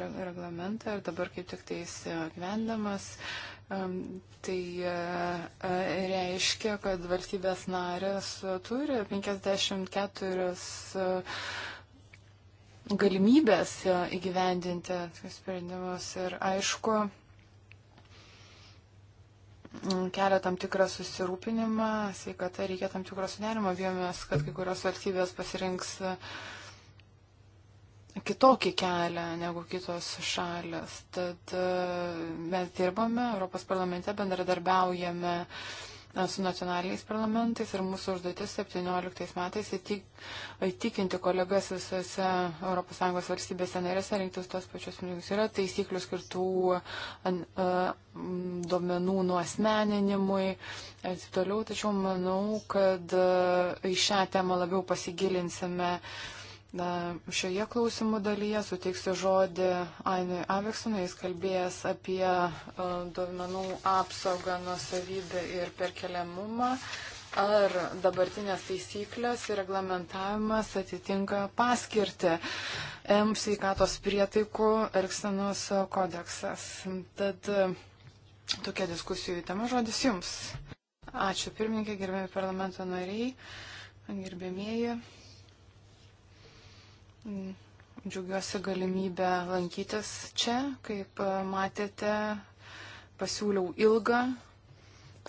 reglamentą ir dabar kaip tik tai jis gyvendamas. Tai reiškia, kad valstybės narės turi 54 galimybės įgyvendinti sprendimus ir aišku, Mm, kelia tam tikrą susirūpinimą, sveikata reikia tam tikrą sunerimą, vėjomės, kad kai kurios valstybės pasirinks e, kitokį kelią negu kitos šalis. Tad e, mes dirbame, Europos parlamente bendradarbiaujame su nacionaliniais parlamentais ir mūsų užduotis 17 metais įtikinti kolegas visose ES valstybėse narėse rinktis tos pačios pinigus. Yra taisyklių skirtų duomenų nuosmeninimui ir taip toliau, tačiau manau, kad į šią temą labiau pasigilinsime. Uh, Na, šioje klausimų dalyje suteiksiu žodį Ainui Aviksonui, jis kalbėjęs apie uh, duomenų apsaugą, nusavybę ir perkeliamumą. Ar dabartinės taisyklės ir reglamentavimas atitinka paskirti M sveikatos prietaikų Erksenos kodeksas. Tad e, tokia diskusijų tema žodis jums. Ačiū pirmininkė, gerbėmi parlamento nariai, gerbėmieji. Džiaugiuosi galimybę lankytis čia. Kaip matėte, pasiūliau ilgą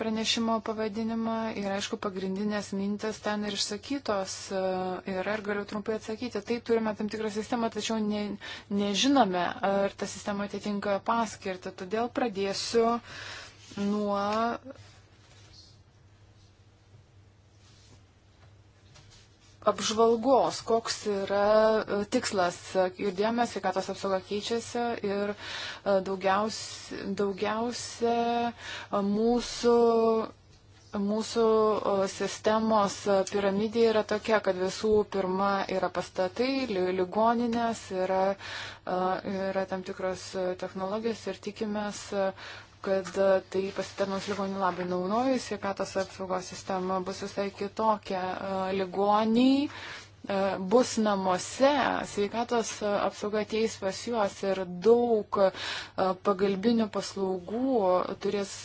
pranešimo pavadinimą ir, aišku, pagrindinės mintis ten ir išsakytos. E, ir ar galiu trumpai atsakyti, taip turime tam tikrą sistemą, tačiau ne, nežinome, ar ta sistema atitinka paskirtą. Todėl pradėsiu nuo apžvalgos, koks yra e, tikslas. Girdėjome, sveikatos apsauga keičiasi ir e, daugiausia, daugiausia e, mūsų. Mūsų sistemos piramidė yra tokia, kad visų pirma yra pastatai, ligoninės, yra, yra tam tikros technologijos ir tikimės, kad e, tai pasitarnaus ligonių labai naudoju, sveikatos apsaugos sistema bus visai kitokia. E, ligoniai e, bus namuose, sveikatos apsauga ateis pas juos ir daug pagalbinių paslaugų turės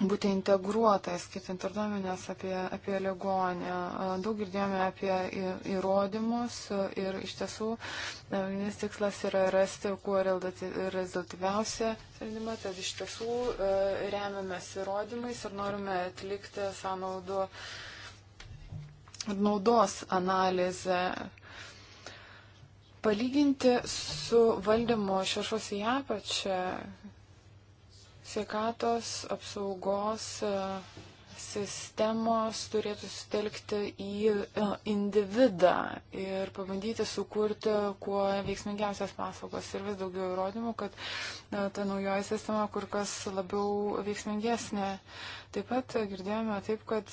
būti integruotas, skaitant ir duomenės apie, apie ligonę. Daug girdėjome apie įrodymus ir iš tiesų pagrindinis tikslas yra rasti kuo rezultatyviausią sprendimą, tad iš tiesų e, remiamės įrodymais ir norime atlikti sąnaudų naudos analizę. Palyginti su valdymo šešos į apačią sveikatos apsaugos e, sistemos turėtų sutelkti į e, individą ir pabandyti sukurti kuo veiksmingiausias paslaugas ir vis daugiau įrodymų, kad e, ta naujoji sistema kur kas labiau veiksmingesnė. Taip pat girdėjome taip, kad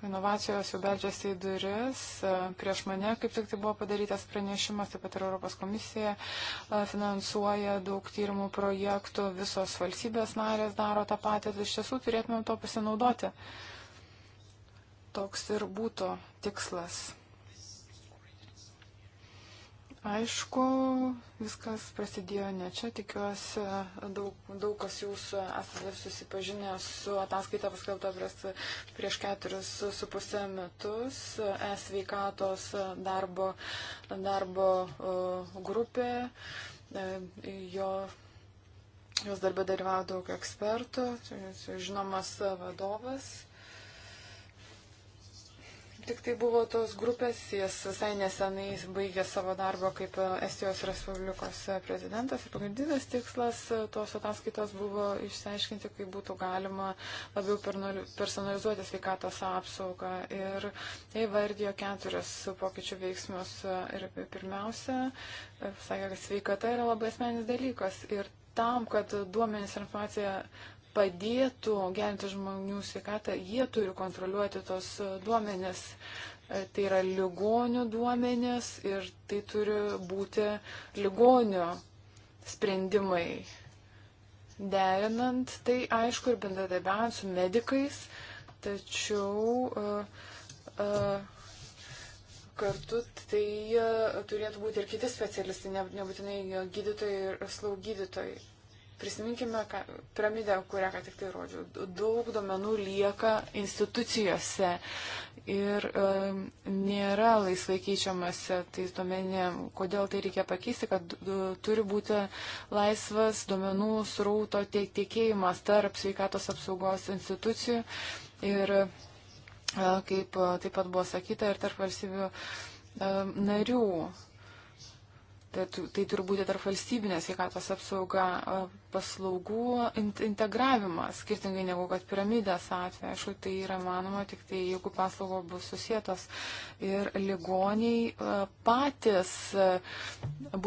Inovacijos jau beldžiasi į duris. E, prieš mane, kaip tik tai buvo padarytas pranešimas, taip pat ir Europos komisija e, finansuoja daug tyrimų projektų, visos valstybės narės daro tą patį, tai iš tiesų turėtume to pasinaudoti. Toks ir būtų tikslas Aišku, viskas prasidėjo ne čia, tikiuosi, daug, daug kas jūs esate susipažinę su ataskaita paskelbta prieš keturis su pusę metus, e-sveikatos darbo, darbo grupė, e, jo, jos darbė dalyvavo daug ekspertų, žinomas vadovas tik tai buvo tos grupės, jis visai nesenai baigė savo darbą kaip e, Estijos Respublikos e, prezidentas ir pagrindinis tikslas e, tos ataskaitos buvo išsiaiškinti, kaip būtų galima labiau personalizuoti sveikatos apsaugą ir įvardijo keturis pokyčių veiksmus ir pirmiausia, sakė, kad sveikata yra labai asmenis dalykas ir tam, kad duomenys ir informacija padėtų gerinti žmonių sveikatą, jie turi kontroliuoti tos e, duomenės. E, tai yra ligonių duomenės ir tai turi būti ligonio sprendimai. Derinant tai aišku ir bendradarbiavant su medikais, tačiau uh, uh, kartu tai turėtų būti ir kiti specialistai, nebūtinai gydytojai ir slaugydytojai. Prisiminkime ką, piramidę, kurią ką tik tai rodžiau. Daug domenų lieka institucijose ir e, nėra laisvai keičiamasi tais domenėm. Kodėl tai reikia pakeisti, kad e, turi būti laisvas domenų srauto tiekėjimas tarp sveikatos apsaugos institucijų ir, e, kaip taip pat buvo sakyta, ir tarp valstybių e, narių Bet tai turi būti tarp valstybinės sveikatos apsauga paslaugų integravimas, skirtingai negu kad piramidės atveju. Aišku, tai yra manoma tik tai, jeigu paslaugos bus susijėtos ir ligoniai patys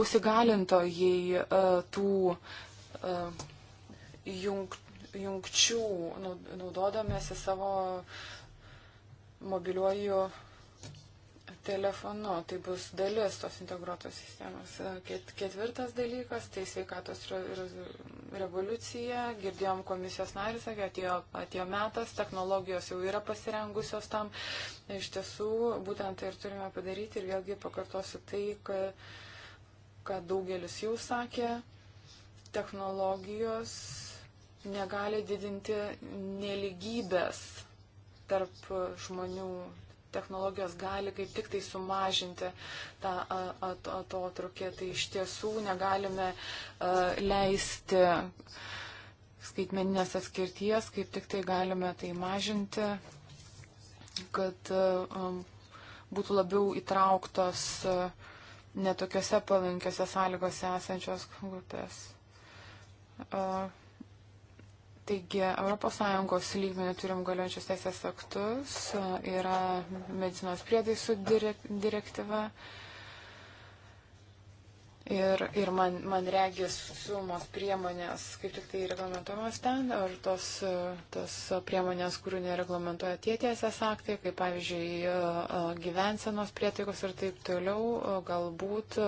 bus įgalintojai tų jung, jungčių, naudodamėsi savo mobiliuoju telefonu. Tai bus dalis tos integruotos sistemos. E, ketvirtas dalykas - tai sveikatos revoliucija. Girdėjom komisijos narį, sakė, atėjo, atėjo metas, technologijos jau yra pasirengusios tam. E, iš tiesų, būtent tai ir turime padaryti. Ir vėlgi pakartosiu tai, kad ką daugelis jau sakė, technologijos negali didinti neligybės tarp žmonių technologijos gali kaip tik tai sumažinti tą atotrukį. Tai iš tiesų negalime leisti skaitmeninės atskirties, kaip tik tai galime tai mažinti, kad um, būtų labiau įtrauktos netokiose palankiose sąlygose esančios grupės. Uh Taigi ES lygmenį turim galiojančius teisės aktus, yra medicinos prietaisų direktyva. Ir, ir man, man regis sumos priemonės, kaip tik tai reglamentuojamos ten, ar tos, tos priemonės, kurių nereglamentuoja tie teisės aktai, kaip pavyzdžiui gyvensenos prietaikos ir taip toliau, galbūt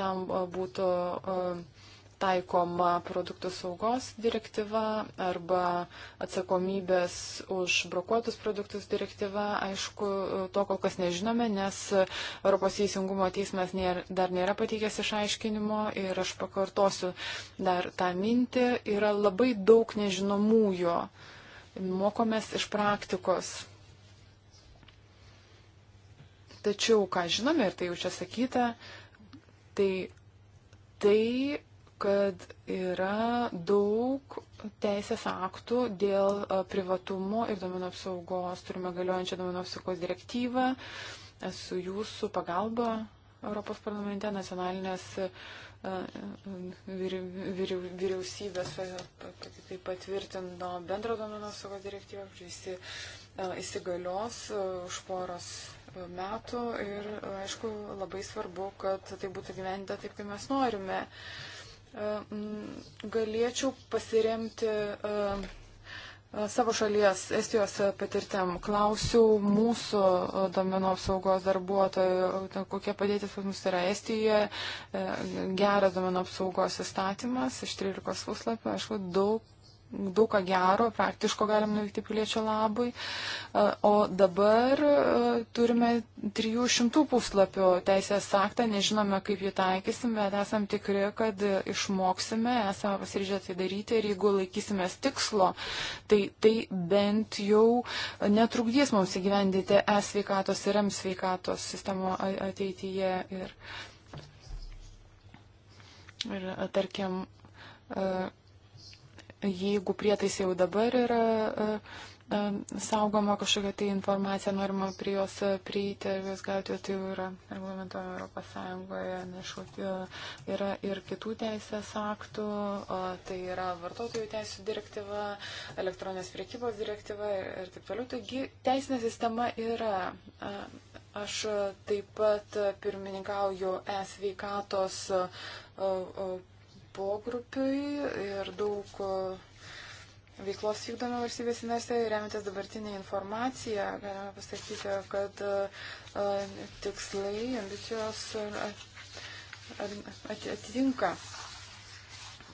tam būtų. Uh, taikoma produktų saugos direktyva arba atsakomybės už brokuotus produktus direktyva. Aišku, to kol kas nežinome, nes Europos teisingumo teismas nėra, dar nėra pateikęs išaiškinimo ir aš pakartosiu dar tą mintį. Yra labai daug nežinomųjo. Mokomės iš praktikos. Tačiau, ką žinome ir tai jau čia sakyta, tai tai kad yra daug teisės aktų dėl privatumo ir domenų apsaugos. Turime galiojančią domenų apsaugos direktyvą. Su jūsų pagalba Europos parlamente nacionalinės vyriausybės taip patvirtino bendro domenų apsaugos direktyvą, visi įsigalios už poros metų ir aišku labai svarbu, kad tai būtų gyventa taip, kaip mes norime. Uh, E, galėčiau pasiremti e, e, savo šalies Estijos patirtim. Klausiau mūsų domino apsaugos darbuotojų, kokia padėtis pas mus yra Estijoje. Geras domino apsaugos įstatymas iš 13 puslapio, aišku, daug daug ką gero, praktiško galim nuveikti piliečio labui. E, o dabar e, turime 300 puslapio teisės aktą, nežinome, kaip jį taikysim, bet esam tikri, kad išmoksime, esame pasiryžę tai daryti ir jeigu laikysimės tikslo, tai, tai bent jau netrukdys mums įgyvendyti e-sveikatos ir m-sveikatos sistemo ateityje. Ir, ir tarkim, e, jeigu prietaisai jau dabar yra e, e, saugoma kažkokia tai informacija, norima prie jos e, prieiti ir jos gauti, tai jau yra reglamentoje Europos Sąjungoje, nešu, yra ir kitų teisės aktų, tai yra vartotojų teisų direktyva, elektroninės priekybos direktyva ir, ir taip toliau. Taigi teisinė sistema yra. Aš taip pat pirmininkauju e-sveikatos pogrupiui ir daug e, veiklos vykdome valstybės inerse ir remintis dabartinę informaciją, galime pasakyti, kad e, tikslai, ambicijos e, atitinka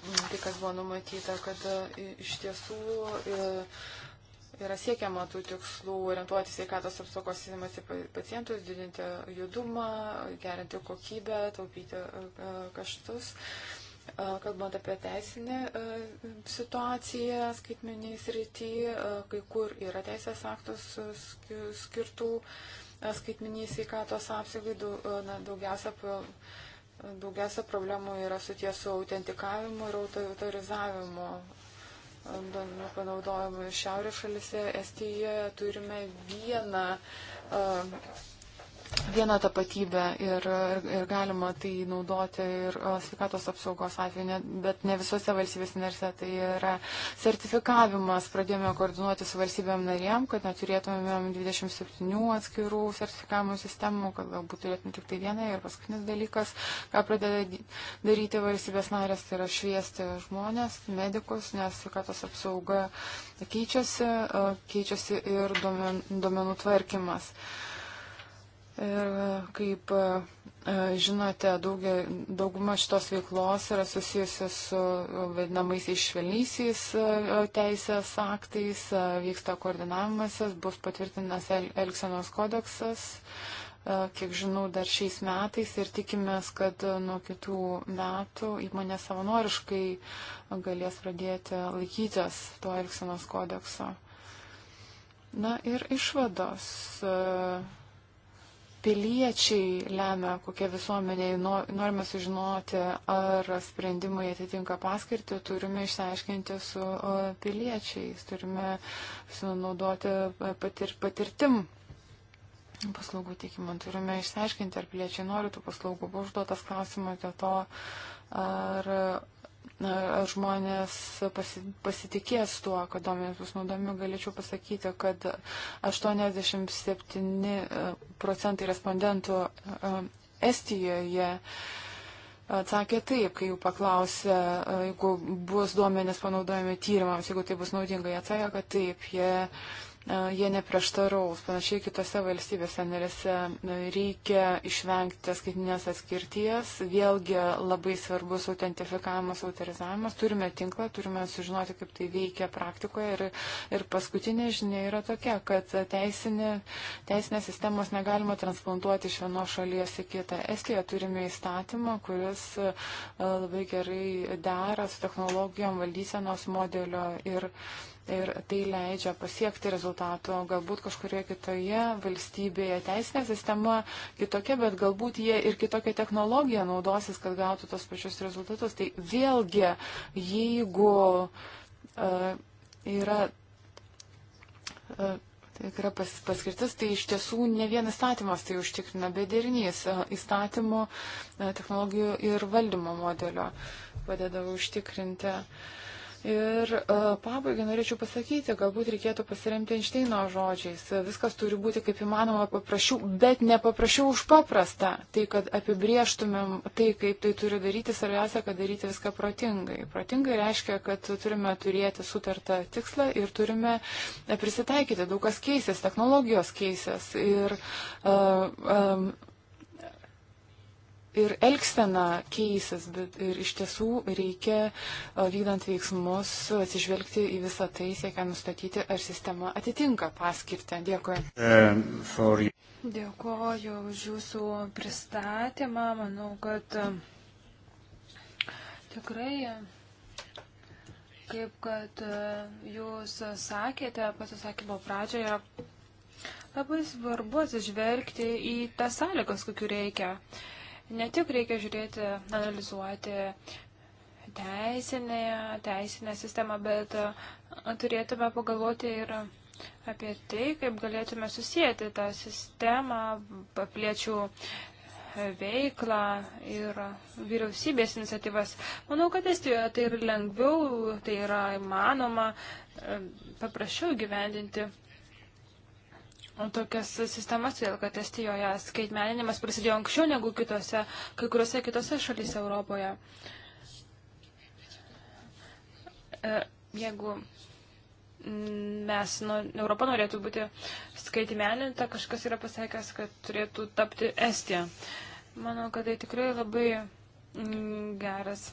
tai, kas buvo numatyta, kad iš tiesų yra siekiama tų tikslų orientuoti sveikatos apsaugos sistemas į pacientus, didinti judumą, gerinti kokybę, taupyti kaštus. Uh, kalbant apie teisinę situaciją skaitmeniai srity, kai kur yra teisės aktos skirtų skaitmeniai sveikatos apsaugai, daugiausia, daugiausia problemų yra su tiesų autentikavimu ir autorizavimu duomenų panaudojimu. Šiaurės šalise Estijoje turime vieną vieną tapatybę ir, ir, ir galima tai naudoti ir sveikatos apsaugos atveju, ne, bet ne visose valstybės narse. Tai yra sertifikavimas, pradėjome koordinuoti su valstybėm narėm, kad neturėtumėm 27 atskirų sertifikavimo sistemų, kad galbūt turėtum tik tai vieną. Ir paskutinis dalykas, ką pradeda daryti valstybės narės, tai yra šviesti žmonės, medikus, nes sveikatos apsauga keičiasi, keičiasi ir duomenų tvarkymas. Thank you Ir kaip e, žinote, daug, dauguma šitos veiklos yra susijusi su vadinamaisiais švelnysiais e, teisės aktais, e, vyksta koordinavimasis, bus patvirtinas Elksenos kodeksas, kiek žinau, dar šiais metais ir tikimės, kad nuo kitų metų įmonė savanoriškai galės pradėti laikytis to Elksenos kodekso. Na ir išvados. Uh, piliečiai lemia, kokia visuomenė norime sužinoti, ar sprendimai atitinka paskirtį, turime išsiaiškinti su piliečiais, turime sunaudoti e, patir, patirtim paslaugų teikimą, turime išsiaiškinti, ar piliečiai nori tų paslaugų. Buvo užduotas klausimas dėl to, ar ar žmonės pasitikės tuo, kad duomenys bus naudojami, galėčiau pasakyti, kad 87 e, procentai respondentų e, Estijoje atsakė taip, kai jų paklausė, e, jeigu bus duomenys panaudojami tyrimams, jeigu tai bus naudinga, jie atsakė, kad taip, jie E, jie neprieštaraus. Panašiai kitose valstybėse narėse e, reikia išvengti skaitinės atskirties. Vėlgi labai svarbus autentifikavimas, autorizavimas. Turime tinklą, turime sužinoti, kaip tai veikia praktikoje. Ir, ir paskutinė žinia yra tokia, kad teisinė, teisinės sistemos negalima transplantuoti iš vienos šalies į kitą. Estijoje turime įstatymą, kuris e, labai gerai dera su technologijom valdysenos modelio. Ir, uh, ir tai leidžia pasiekti rezultato. Galbūt kažkurioje kitoje valstybėje teisinė sistema kitokia, bet galbūt jie ir kitokią technologiją naudosis, kad gautų tos pačius rezultatus. Tai vėlgi, jeigu uh, yra. Uh, Tai yra pas, paskirtis, tai iš tiesų ne vien įstatymas tai užtikrina, bet derinys e, įstatymo, technologijų ir valdymo modelio padeda užtikrinti uh, Ir e, pabaigai norėčiau pasakyti, galbūt reikėtų pasiremti Einšteino žodžiais. Viskas turi būti kaip įmanoma paprašiau, bet nepaprašiau už paprastą. Tai, kad apibrieštumėm tai, kaip tai turi daryti, svarbiausia, kad daryti viską protingai. Protingai reiškia, kad turime turėti sutartą tikslą ir turime e, prisitaikyti. Daug kas keisės, technologijos keisės. Ir, uh, um, ir elgsena keisis, bet ir iš tiesų reikia vykdant veiksmus atsižvelgti į visą tai, siekia nustatyti, ar sistema atitinka paskirtę. Dėkui. Um, Dėkuoju už jūsų pristatymą. Manau, kad tikrai. Kaip kad jūs sakėte pasisakymo pradžioje, labai svarbu atsižvelgti į tas sąlygas, kokiu reikia. Uh, Ne tik reikia žiūrėti, analizuoti teisinę, teisinę sistemą, bet turėtume pagalvoti ir apie tai, kaip galėtume susijęti tą sistemą, papliečių veiklą ir vyriausybės iniciatyvas. Manau, kad Estijoje tai yra lengviau, tai yra įmanoma, paprasčiau gyvendinti tokias sistemas, todėl kad Estijoje skaitmeninimas prasidėjo anksčiau negu kitose, kai kuriuose kitose šalyse Europoje. E, jeigu mes, nu, Europa norėtų būti skaitmeninta, kažkas yra pasakęs, kad turėtų tapti Estija. Manau, kad tai tikrai labai mm, geras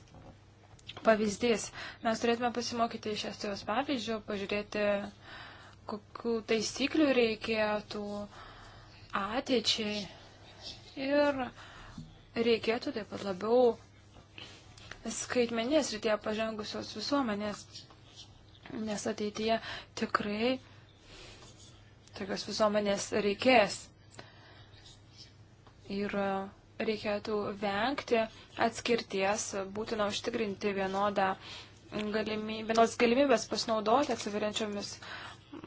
pavyzdys. Mes turėtume pasimokyti iš Estijos pavyzdžių, pažiūrėti uh, kokių taisyklių reikėtų ateičiai. Ir reikėtų taip pat labiau skaitmenės rytėje pažengusios visuomenės, nes ateityje tikrai tokios visuomenės reikės. Ir reikėtų vengti atskirties, būtina užtikrinti vienodą galimybę, vienos galimybės pasinaudoti atsiveriančiomis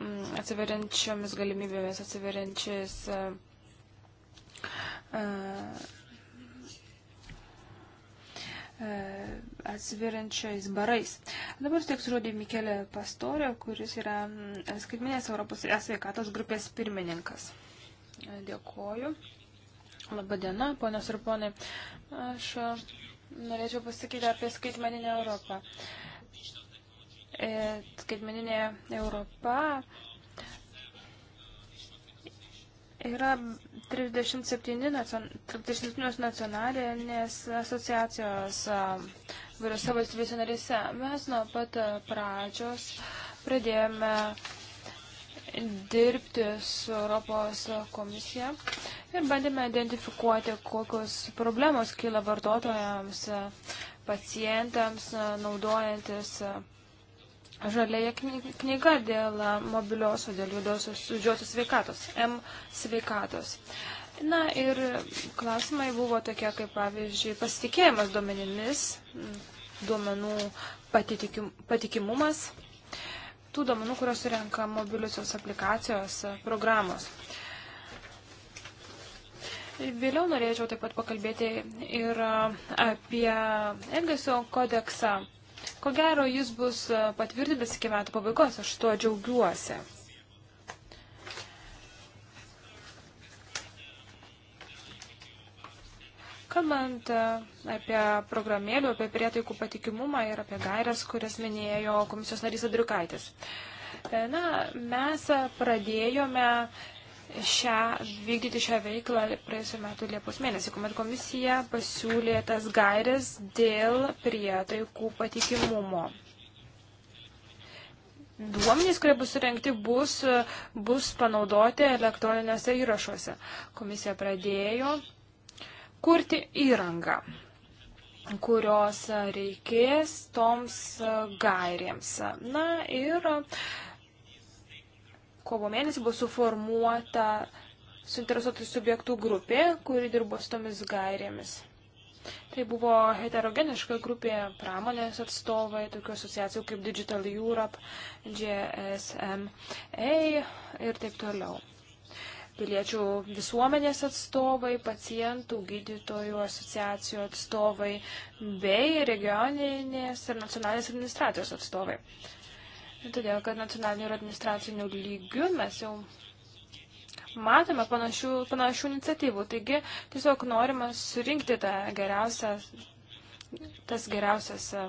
Mm, atsiveriančiomis galimybėmis, atsiveriančiais e, e, atsiveriančiais barais. Dabar tiek surodė Mikelė Pastorio, kuris yra mm, skaitminės Europos sveikatos grupės pirmininkas. Dėkoju. Labadiena, ponios ir ponai. Aš e, norėčiau pasakyti apie skaitmeninę Europą. Uh, E, skaitmeninė Europa yra 37, nacion, 37 nacionalinės asociacijos vairiose valstybėse narėse. Mes nuo pat pradžios pradėjome dirbti su Europos komisija ir bandėme identifikuoti, kokios problemos kyla vartotojams, pacientams, naudojantis žalėje knyga dėl mobilios, dėl judžiosios sveikatos, M sveikatos. Na ir klausimai buvo tokie, kaip pavyzdžiui, pasitikėjimas duomenimis, duomenų patikim, patikimumas, tų duomenų, kurios surenka mobiliusios aplikacijos programos. Vėliau norėčiau taip pat pakalbėti ir apie Elgesio kodeksą Ko gero, jis bus e, patvirtintas iki metų pabaigos, aš tuo džiaugiuosi. Kalbant e, apie programėlių, apie prietaikų patikimumą ir apie gairias, kurias minėjo komisijos narys Adriukaitis. E, na, mes pradėjome šią, vykdyti šią veiklą praėjusiu metu Liepos mėnesį, kuomet komisija pasiūlė tas gairias dėl prietaikų patikimumo. Duomenys, kurie bus surinkti, bus, bus panaudoti elektroniniuose įrašuose. Komisija pradėjo kurti įrangą, kurios reikės toms gairėms. Na ir uh, kovo mėnesį buvo suformuota suinteresuotų subjektų grupė, kuri dirbo su tomis gairėmis. Tai buvo heterogeniška grupė pramonės atstovai, tokių asociacijų kaip Digital Europe, GSMA ir taip toliau. Piliečių visuomenės atstovai, pacientų, gydytojų asociacijų atstovai bei regioninės ir nacionalinės administracijos atstovai. Nu, todėl, kad nacionalinių ir administracinių lygių mes jau matome panašių, panašių iniciatyvų. Taigi tiesiog norima surinkti tą geriausią, tas geriausias e,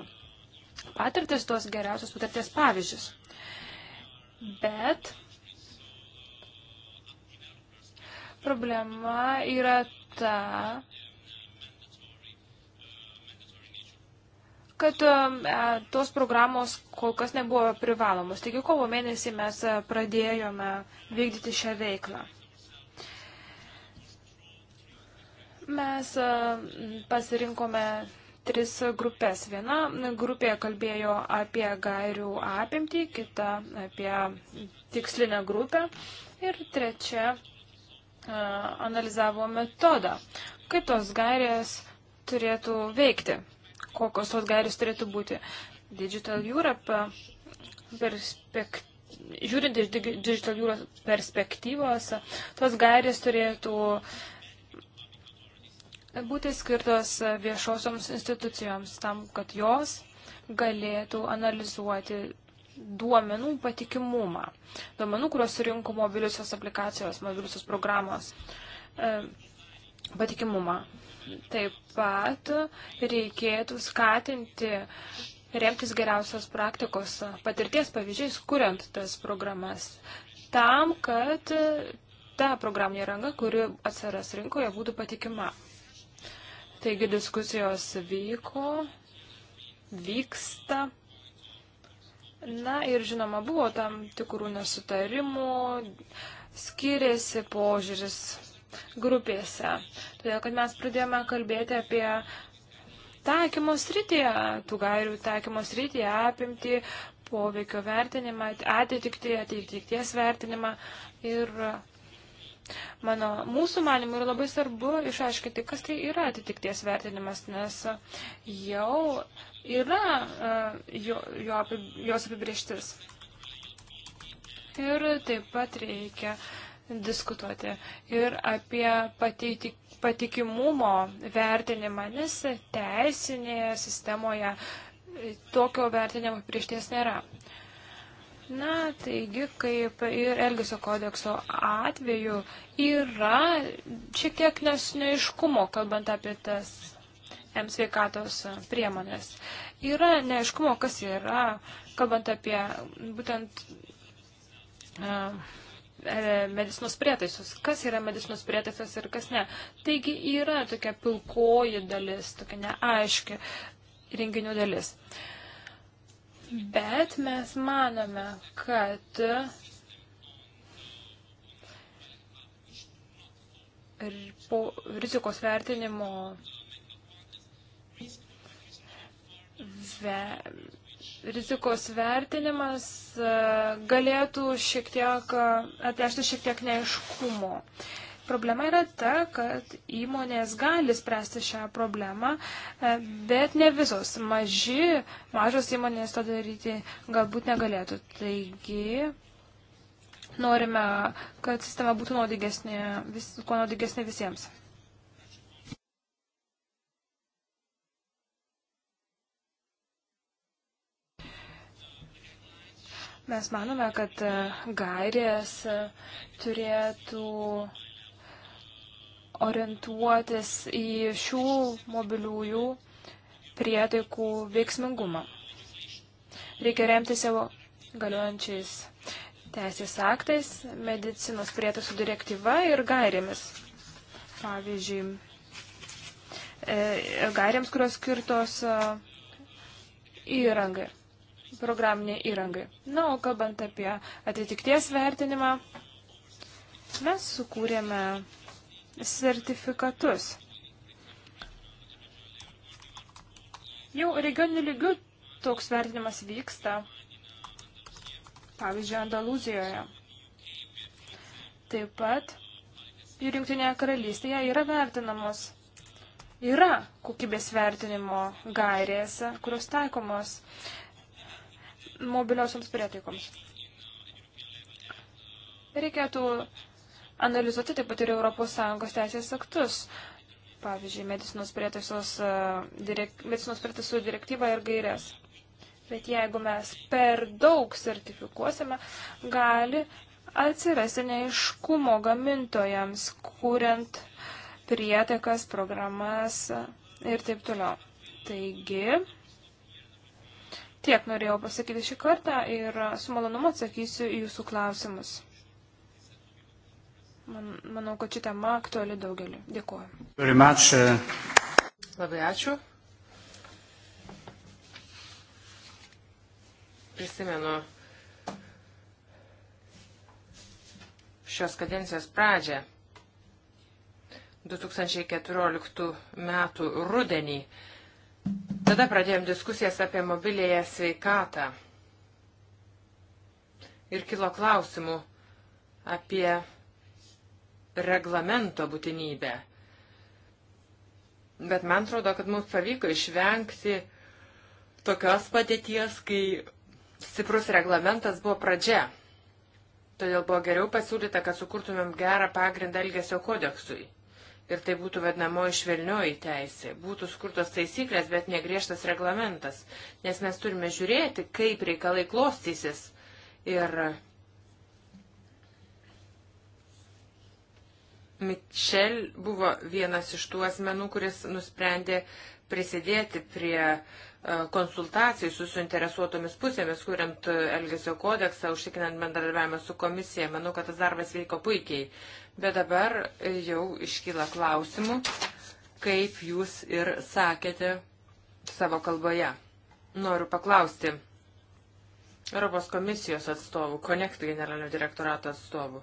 patirtis, tuos geriausios patirties pavyzdžius. Bet problema yra ta, kad e, tos programos kol kas nebuvo privalomos. Taigi kovo mėnesį mes e, pradėjome vykdyti šią veiklą. Mes e, pasirinkome tris grupės. Viena grupė kalbėjo apie gairių apimtį, kita apie tikslinę grupę ir trečia analizavo metodą, kaip tos gairės turėtų veikti kokios tos gairės turėtų būti. Digital Europe perspektyva. Žiūrint iš Digital Europe perspektyvos, tos gairės turėtų būti skirtos viešosioms institucijoms tam, kad jos galėtų analizuoti duomenų patikimumą, duomenų, kurios surinko mobiliusios aplikacijos, mobiliusios programos e, patikimumą. Taip pat reikėtų skatinti remtis geriausios praktikos patirties pavyzdžiais, kuriant tas programas, tam, kad ta programinė ranga, kuri atsiras rinkoje, būtų patikima. Taigi diskusijos vyko, vyksta. Na ir žinoma, buvo tam tikrų nesutarimų, skiriasi požiūris grupėse. Todėl, kad mes pradėjome kalbėti apie taikymo srityje, tų gairių taikymo srityje apimti poveikio vertinimą, atitikti, atitikties vertinimą. Ir mano, mūsų manimų yra labai svarbu išaiškinti, kas tai yra atitikties vertinimas, nes jau yra e, jo, jo, jos apibrieštis. Ir taip pat reikia uh, diskutuoti ir apie pateitik, patikimumo vertinimą, nes teisinėje sistemoje tokio vertinimo prieš ties nėra. Na, taigi, kaip ir Elgesio kodekso atveju, yra šiek tiek neaiškumo, kalbant apie tas M sveikatos priemonės. Yra neaiškumo, kas yra, kalbant apie būtent. Uh, E, medicinos prietaisus, kas yra medicinos prietaisas ir kas ne. Taigi yra tokia pilkoji dalis, tokia neaiški renginių dalis. Bet mes manome, kad po rizikos vertinimo ve, rizikos vertinimas e, galėtų šiek tiek e, atnešti šiek tiek neaiškumo. Problema yra ta, kad įmonės gali spręsti šią problemą, e, bet ne visos. Maži, mažos įmonės to daryti galbūt negalėtų. Taigi norime, kad sistema būtų nuodigesnė, vis, kuo nuodigesnė visiems. Mes manome, kad e, gairės e, turėtų orientuotis į šių mobiliųjų prietaikų veiksmingumą. Reikia remti savo galiojančiais teisės aktais, medicinos prietaisų direktyva ir gairėmis. Pavyzdžiui, e, gairėms, kurios skirtos įrangai programinė įrangai. Na, o kalbant apie atitikties vertinimą, mes sukūrėme sertifikatus. Jau regioninių lygių toks vertinimas vyksta, pavyzdžiui, Andalūzijoje. Taip pat ir Junktinėje karalystėje yra vertinamos. Yra kokybės vertinimo gairės, kurios taikomos mobiliosioms prieteikoms. Reikėtų analizuoti taip pat ir ES teisės aktus. Pavyzdžiui, medicinos prietaisos, e, direk, medicinos prietaisų direktyvą ir gairias. Bet jeigu mes per daug sertifikuosime, gali atsirasti neiškumo gamintojams, kuriant prietekas, programas ir taip toliau. Taigi, Tiek norėjau pasakyti šį kartą ir su malonumu atsakysiu į jūsų klausimus. Man, manau, kad ši tema aktuali daugeliu. Dėkuoju. Uh, Labai ačiū. Prisimenu šios kadencijos pradžią. 2014 m. rudenį Tada pradėjom diskusijas apie mobilėje sveikatą. Ir kilo klausimų apie reglamento būtinybę. Bet man atrodo, kad mums pavyko išvengti tokios padėties, kai stiprus reglamentas buvo pradžia. Todėl buvo geriau pasiūlyta, kad sukurtumėm gerą pagrindą Elgesio kodeksui ir tai būtų vadinamoji švelnioji teisė. Būtų skurtos taisyklės, bet negriežtas reglamentas, nes mes turime žiūrėti, kaip reikalai klostysis ir Mitchell buvo vienas iš tų asmenų, kuris nusprendė prisidėti prie e, konsultacijų su suinteresuotomis pusėmis, kuriant e, Elgesio kodeksą, užtikrinant bendradarbiavimą su komisija. Manau, kad tas darbas vyko puikiai. Bet dabar jau iškyla klausimų, kaip jūs ir sakėte savo kalboje. Noriu paklausti Europos komisijos atstovų, Connect generalinio direktorato atstovų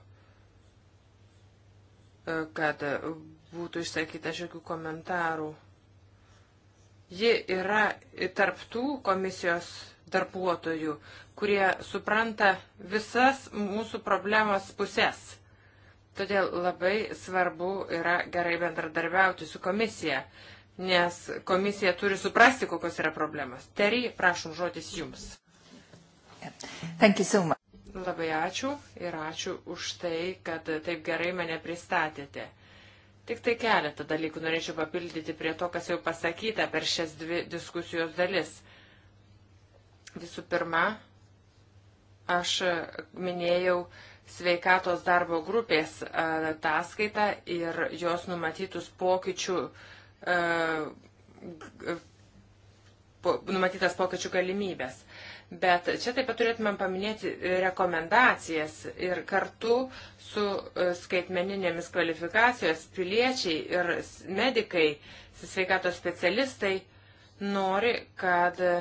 kad būtų išsakyta šiokių komentarų. Ji yra tarptų komisijos darbuotojų, kurie supranta visas mūsų problemos pusės. Todėl labai svarbu yra gerai bendradarbiauti su komisija, nes komisija turi suprasti, kokios yra problemos. Terry, prašom žodis jums. Thank you so much. Labai ačiū ir ačiū už tai, kad taip gerai mane pristatėte. Tik tai keletą dalykų norėčiau papildyti prie to, kas jau pasakyta per šias dvi diskusijos dalis. Visų pirma, aš minėjau sveikatos darbo grupės ataskaitą ir jos numatytus pokyčių, e, numatytas pokyčių galimybės. Bet čia taip pat turėtumėm paminėti rekomendacijas ir kartu su e, skaitmeninėmis kvalifikacijos piliečiai ir medikai, sveikatos specialistai nori, kad e,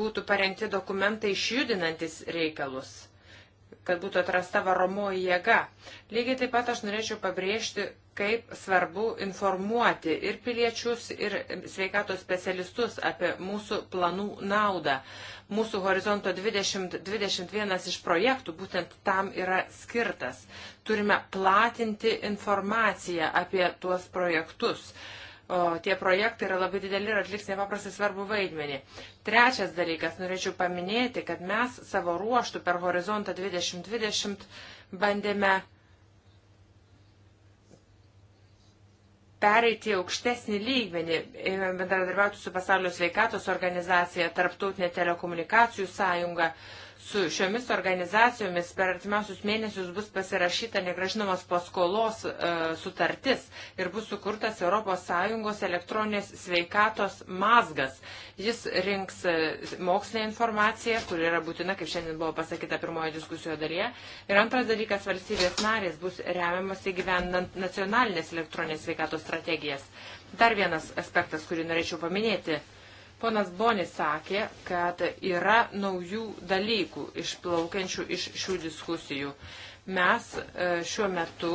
būtų parengti dokumentai išjudinantis reikalus, kad būtų atrasta varomoji jėga. Lygiai taip pat aš norėčiau pabrėžti kaip svarbu informuoti ir piliečius, ir sveikatos specialistus apie mūsų planų naudą. Mūsų Horizonto 2021 iš projektų būtent tam yra skirtas. Turime platinti informaciją apie tuos projektus. O tie projektai yra labai dideli ir atliks nepaprastai svarbu vaidmenį. Trečias dalykas, norėčiau paminėti, kad mes savo ruoštų per Horizontą 2020 bandėme pereiti aukštesnį lygmenį, e, bendradarbiauti su pasaulio sveikatos organizacija, tarptautinė telekomunikacijų sąjunga, uh, su šiomis organizacijomis per artimiausius mėnesius bus pasirašyta negražinamos paskolos e, sutartis ir bus sukurtas ES elektroninės sveikatos mazgas. Jis rinks e, mokslinę informaciją, kuri yra būtina, kaip šiandien buvo pasakyta pirmojo diskusijoje dalyje. Ir antras dalykas, valstybės narės bus remiamas įgyvendant nacionalinės elektroninės sveikatos strategijas. Dar vienas aspektas, kurį norėčiau paminėti Ponas Bonis sakė, kad yra naujų dalykų išplaukiančių iš šių diskusijų. Mes e, šiuo metu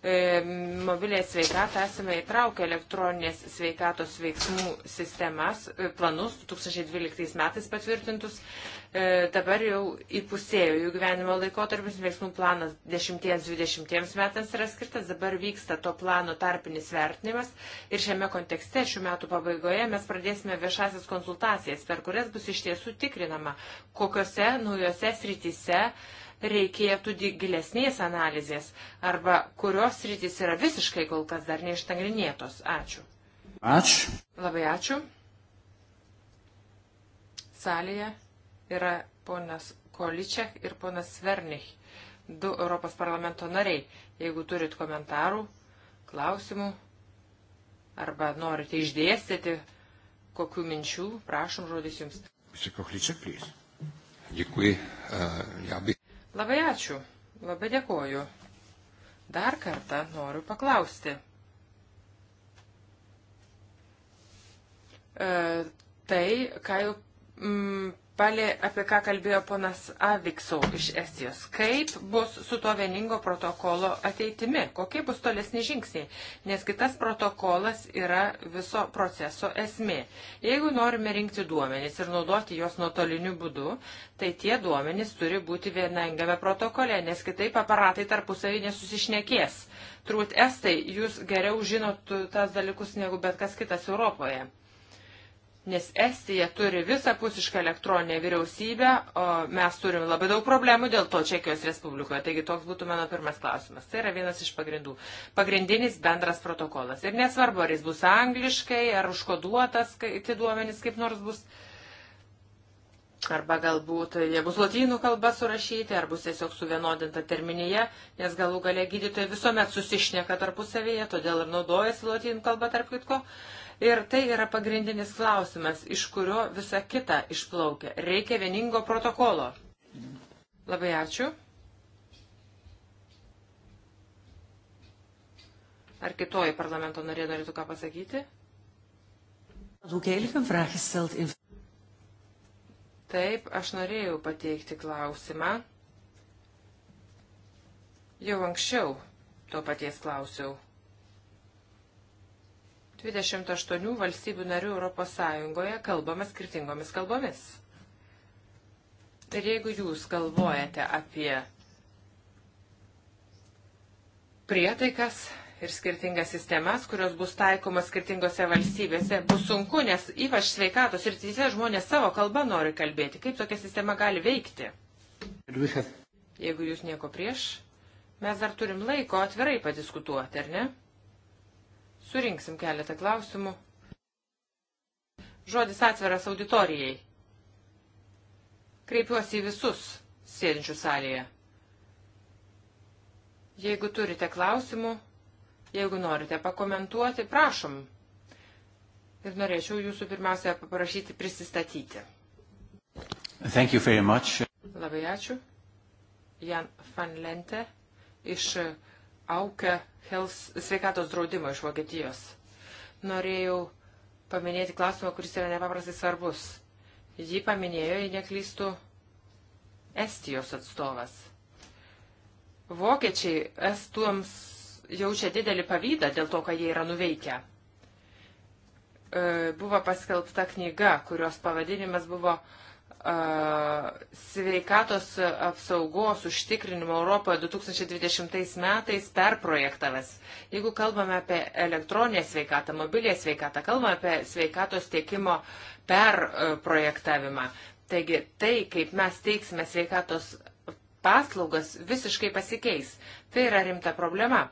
E, mobilėje sveikatą esame įtraukę elektroninės sveikatos veiksmų sistemas, e, planus 2012 metais patvirtintus. E, dabar jau įpusėjo jų gyvenimo laikotarpis, veiksmų planas 10-20 metams yra skirtas, dabar vyksta to plano tarpinis vertinimas ir šiame kontekste šių metų pabaigoje mes pradėsime viešasias konsultacijas, per kurias bus iš tiesų tikrinama, kokiuose naujose srityse uh, reikėtų gilesnės analizės arba kurios rytis yra visiškai kol kas dar neištangrinėtos. Ačiū. Ačiū. Labai ačiū. Salėje yra ponas Količiak ir ponas Svernich, du Europos parlamento nariai. Jeigu turit komentarų, klausimų arba norite išdėstyti kokių minčių, prašom žodis jums. Mr. Kohliček, please. Děkuji. Eh, já bych Labai ačiū, labai dėkoju. Dar kartą noriu paklausti. E, tai, ką jau mm, palė, apie ką kalbėjo ponas Aviksau iš Estijos. Kaip bus su to vieningo protokolo ateitimi? Kokie bus tolesni žingsniai? Nes kitas protokolas yra viso proceso esmė. Jeigu norime rinkti duomenys ir naudoti juos nuotoliniu būdu, tai tie duomenys turi būti vieningame protokole, nes kitaip aparatai tarpusavį nesusišnekės. Turbūt estai, jūs geriau žinot tas dalykus negu bet kas kitas Europoje nes Estija turi visapusišką elektroninę vyriausybę, o mes turim labai daug problemų dėl to Čekijos Respublikoje. Taigi toks būtų mano pirmas klausimas. Tai yra vienas iš pagrindų. Pagrindinis bendras protokolas. Ir nesvarbu, ar jis bus angliškai, ar užkoduotas, tie duomenys kaip nors bus. Arba galbūt jie bus lotynų kalba surašyti, ar bus tiesiog suvienodinta terminija, nes galų galia gydytojai visuomet susišneka tarpusavyje, todėl ir naudojasi lotynų kalba tarp kitko. Uh, Ir tai yra pagrindinis klausimas, iš kurio visa kita išplaukia. Reikia vieningo protokolo. Labai ačiū. Ar kitoji parlamento norė norėtų ką pasakyti? Taip, aš norėjau pateikti klausimą. Jau anksčiau to paties klausiau. 28 valstybių narių Europos Sąjungoje kalbama skirtingomis kalbomis. Ir jeigu jūs galvojate apie prietaikas ir skirtingas sistemas, kurios bus taikomas skirtingose valstybėse, bus sunku, nes ypač sveikatos ir teisė žmonės savo kalbą nori kalbėti. Kaip tokia sistema gali veikti? Jeigu jūs nieko prieš, mes dar turim laiko atvirai padiskutuoti, ar ne? Surinksim keletą klausimų. Žodis atviras auditorijai. Kreipiuosi į visus sėdinčių salėje. Jeigu turite klausimų, jeigu norite pakomentuoti, prašom. Ir norėčiau jūsų pirmiausia paprašyti prisistatyti. Thank you very much. Labai ačiū. Jan van Lente iš uh, Auke Health sveikatos draudimo iš Vokietijos. Norėjau paminėti klausimą, kuris yra nepaprastai svarbus. Jį paminėjo, jei neklystų, Estijos atstovas. Vokiečiai Estuoms jaučia didelį pavydą dėl to, ką jie yra nuveikę. E, buvo paskelbta knyga, kurios pavadinimas buvo uh, sveikatos apsaugos užtikrinimo Europoje 2020 metais perprojektavęs. Jeigu kalbame apie elektroninę sveikatą, mobilę sveikatą, kalbame apie sveikatos tiekimo perprojektavimą. E, Taigi tai, kaip mes teiksime sveikatos paslaugas, visiškai pasikeis. Tai yra rimta problema.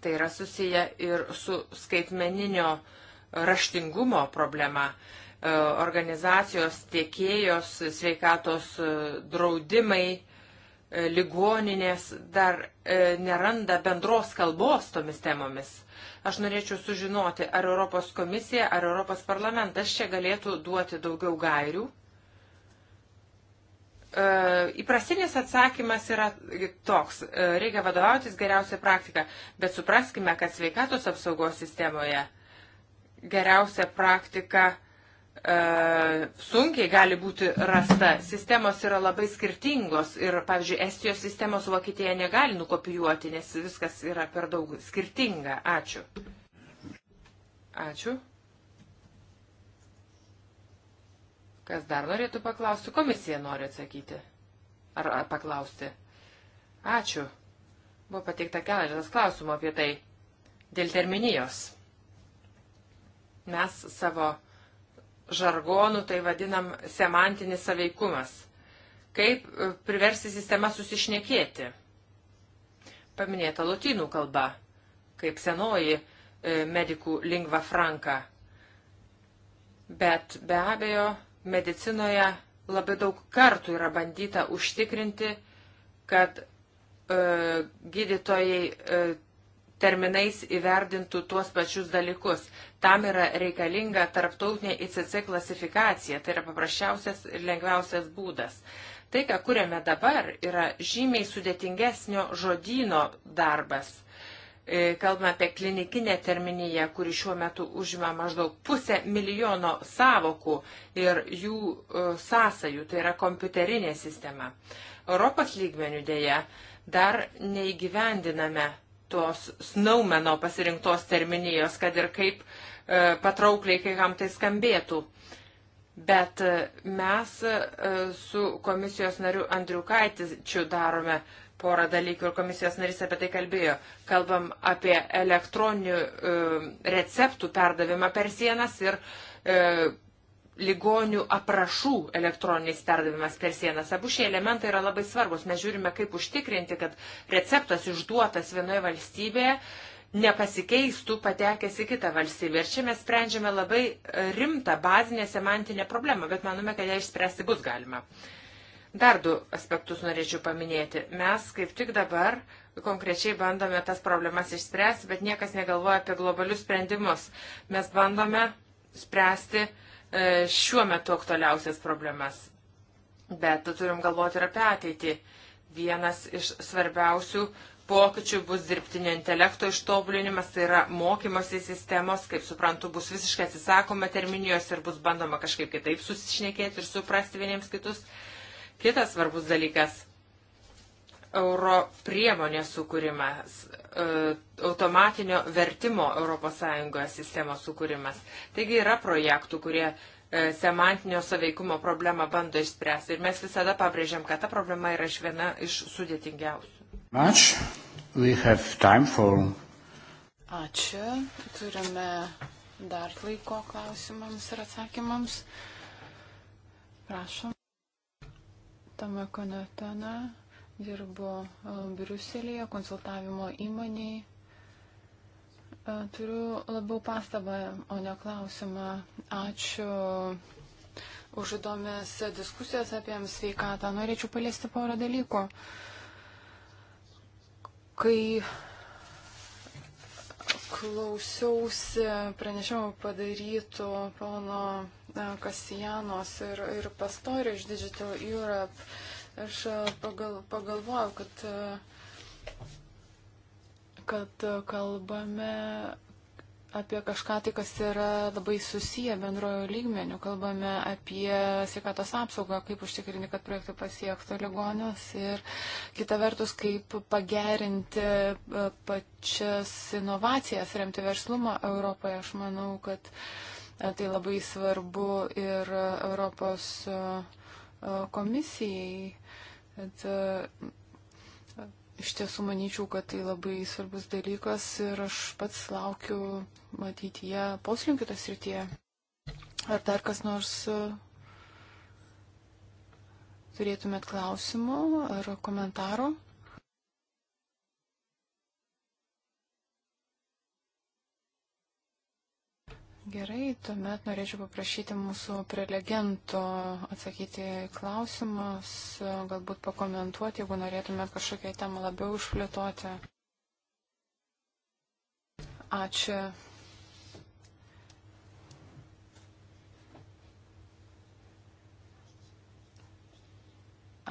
Tai yra susiję ir su skaitmeninio raštingumo problema. Uh, E, organizacijos tiekėjos, sveikatos e, draudimai, e, ligoninės dar neranda bendros kalbos tomis temomis. Aš norėčiau sužinoti, ar Europos komisija, ar Europos parlamentas čia galėtų duoti daugiau gairių. Įprastinis atsakymas yra toks, reikia vadovautis geriausią praktiką, bet supraskime, kad sveikatos apsaugos sistemoje geriausia praktika uh, E, sunkiai gali būti rasta. Sistemos yra labai skirtingos ir, pavyzdžiui, Estijos sistemos Vokietija negali nukopijuoti, nes viskas yra per daug skirtinga. Ačiū. Ačiū. Kas dar norėtų paklausti? Komisija nori atsakyti. Ar, ar paklausti? Ačiū. Buvo pateikta keletas klausimų apie tai. Dėl terminijos. Mes savo žargonų tai vadinam semantinis saveikumas. Kaip e, priversti sistemą susišnekėti. Paminėta lotynų kalba, kaip senoji e, medikų lingva franka. Bet be abejo, medicinoje labai daug kartų yra bandyta užtikrinti, kad e, gydytojai e, terminais įverdintų tuos pačius dalykus. Tam yra reikalinga tarptautinė ICC klasifikacija, tai yra paprasčiausias ir lengviausias būdas. Tai, ką kuriame dabar, yra žymiai sudėtingesnio žodino darbas. E, kalbame apie klinikinę terminiją, kuri šiuo metu užima maždaug pusę milijono savokų ir jų e, sąsajų, tai yra kompiuterinė sistema. Europos lygmenių dėja dar neįgyvendiname tos Snaumeno pasirinktos terminijos, kad ir kaip e, patraukliai kai kam tai skambėtų. Bet e, mes e, su komisijos nariu Andriu Kaitičiu darome porą dalykų ir komisijos narys apie tai kalbėjo. Kalbam apie elektroninių e, receptų perdavimą per sienas ir e, ligonių aprašų elektroninis perdavimas per sienas. Abu šie elementai yra labai svarbus. Mes žiūrime, kaip užtikrinti, kad receptas išduotas vienoje valstybėje nepasikeistų patekęs į kitą valstybę. Ir čia mes sprendžiame labai rimtą bazinę semantinę problemą, bet manome, kad ją išspręsti bus galima. Dar du aspektus norėčiau paminėti. Mes kaip tik dabar konkrečiai bandome tas problemas išspręsti, bet niekas negalvoja apie globalius sprendimus. Mes bandome spręsti uh, E, šiuo metu aktualiausias problemas. Bet turim galvoti ir apie ateitį. Vienas iš svarbiausių pokyčių bus dirbtinio intelekto ištobulinimas, tai yra mokymosi sistemos, kaip suprantu, bus visiškai atsisakoma terminijos ir bus bandoma kažkaip kitaip susišnekėti ir suprasti vieniems kitus. Kitas svarbus dalykas - euro priemonės sukūrimas. E, automatinio vertimo ES sistemos sukūrimas. Taigi yra projektų, kurie e, semantinio saveikumo problemą bando išspręsti ir mes visada pabrėžiam, kad ta problema yra iš viena iš sudėtingiausių. Ačiū. Turime dar laiko klausimams ir atsakymams. Prašom. Tame konetane dirbu e, Briuselėje, konsultavimo įmoniai. E, turiu labiau pastabą, o ne klausimą. Ačiū už įdomias diskusijas apie sveikatą. Norėčiau paliesti porą dalykų. Kai klausiausi pranešimų padarytų pono e, Kasijanos ir, ir pastorių iš Digital Europe, Aš e, pagal, pagalvojau, kad, e, kad e, kalbame apie kažką tai, kas yra labai susiję bendrojo lygmenių. Kalbame apie sveikatos apsaugą, kaip užtikrinti, kad projektai pasiektų ligonius ir kita vertus, kaip pagerinti pačias inovacijas, remti verslumą Europoje. Aš manau, kad tai labai svarbu ir Europos komisijai. Bet e, iš tiesų manyčiau, kad tai labai svarbus dalykas ir aš pats laukiu ateityje poslinkių tas rytyje. Ar dar kas nors e, turėtumėt klausimų ar komentaro? Gerai, tuomet norėčiau paprašyti mūsų prelegento atsakyti klausimus, galbūt pakomentuoti, jeigu norėtumėt kažkokią temą labiau išplėtoti. Ačiū.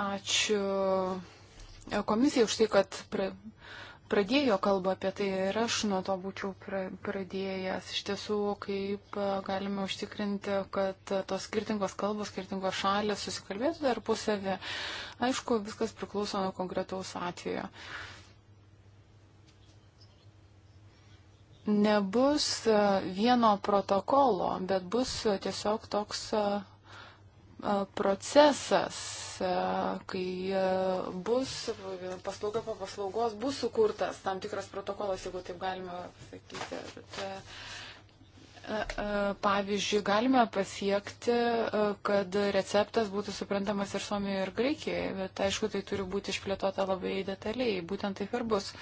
Ačiū komisijai už tai, kad pradėjo kalbą apie tai ir aš nuo to būčiau pra, pradėjęs. Iš tiesų, kaip e, galime užtikrinti, kad tos skirtingos kalbos, skirtingos šalės susikalbėtų tarpusavį. Aišku, viskas priklauso nuo konkretaus atvejo. Nebus e, vieno protokolo, bet bus tiesiog toks e, procesas, kai bus paslauga po paslaugos, bus sukurtas tam tikras protokolas, jeigu taip galima sakyti. Bet, Pavyzdžiui, galime pasiekti, kad receptas būtų suprantamas ir Suomijoje, ir Graikijoje, bet aišku, tai turi būti išplėtota labai detaliai, būtent taip ir bus. Uh,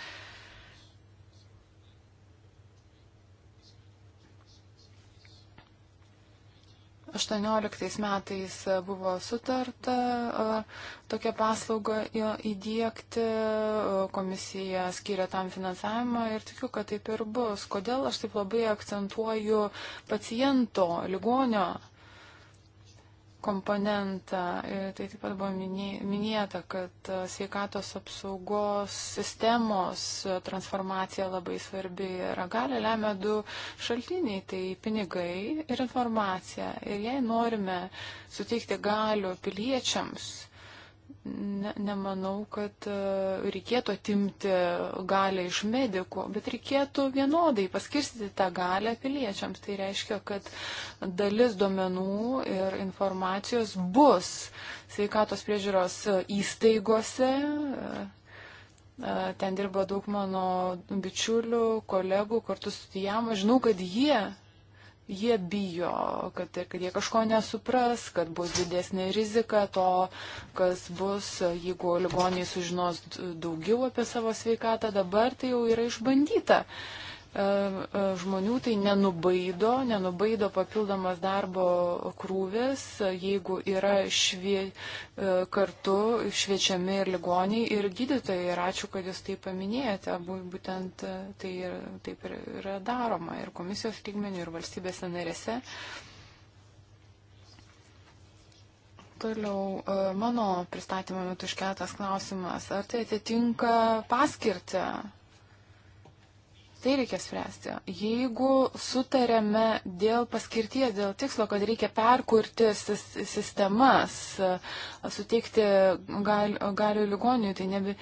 18 metais buvo sutarta tokią paslaugą įdėkti, komisija skiria tam finansavimą ir tikiu, kad taip ir bus. Kodėl aš taip labai akcentuoju paciento, ligonio komponentą. Ir tai taip pat buvo minėta, kad e, sveikatos apsaugos sistemos e, transformacija labai svarbi yra. Gali lemia du šaltiniai - tai pinigai ir informacija. Ir jei norime suteikti galių piliečiams, ne, nemanau, kad e, reikėtų atimti galę iš medikų, bet reikėtų vienodai paskirstyti tą galę piliečiams. Tai reiškia, kad dalis duomenų ir informacijos bus sveikatos priežiūros įstaigose. E, e, ten dirba daug mano bičiulių, kolegų, kartu studijavo. Žinau, kad jie jie bijo, kad, kad jie kažko nesupras, kad bus didesnė rizika to, kas bus, jeigu ligoniai sužinos daugiau apie savo sveikatą, dabar tai jau yra išbandyta. E, e, žmonių tai nenubaido, nenubaido papildomas darbo krūvis, jeigu yra švie, e, kartu šviečiami ir ligoniai, ir gydytojai. Ir ačiū, kad jūs tai paminėjote. Būtent tai ir, taip ir yra daroma ir komisijos lygmenių, ir valstybės narėse. Toliau mano pristatymo metu iškeltas klausimas, ar tai atitinka paskirtį Tai reikia spręsti. Jeigu sutarėme dėl paskirties, dėl tikslo, kad reikia perkurti sistemas, suteikti galių gal ligoniui, tai nebe,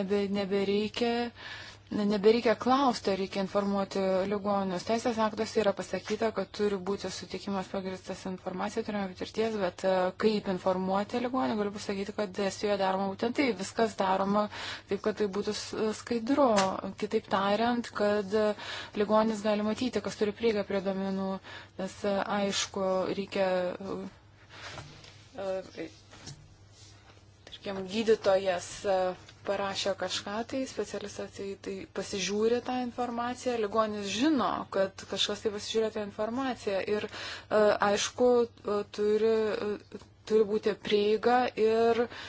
nebe, nebereikia. Nebe Nebereikia klausti, reikia informuoti ligonius. Teisės aktuose yra pasakyta, kad turi būti sutikimas pagristas informacija, turime patirties, bet e, kaip informuoti ligonį, galiu pasakyti, kad Estijoje daroma būtent tai, viskas daroma taip, kad tai būtų skaidru. Kitaip tariant, kad ligonis gali matyti, kas turi prieigą prie domenų, nes e, aišku, reikia e, tarkim, gydytojas e, parašė kažką, tai specialistas tai, tai pasižiūri tą informaciją, ligonis žino, kad kažkas tai pasižiūrė tą informaciją ir e, aišku, e, turi, turi būti prieiga ir uh,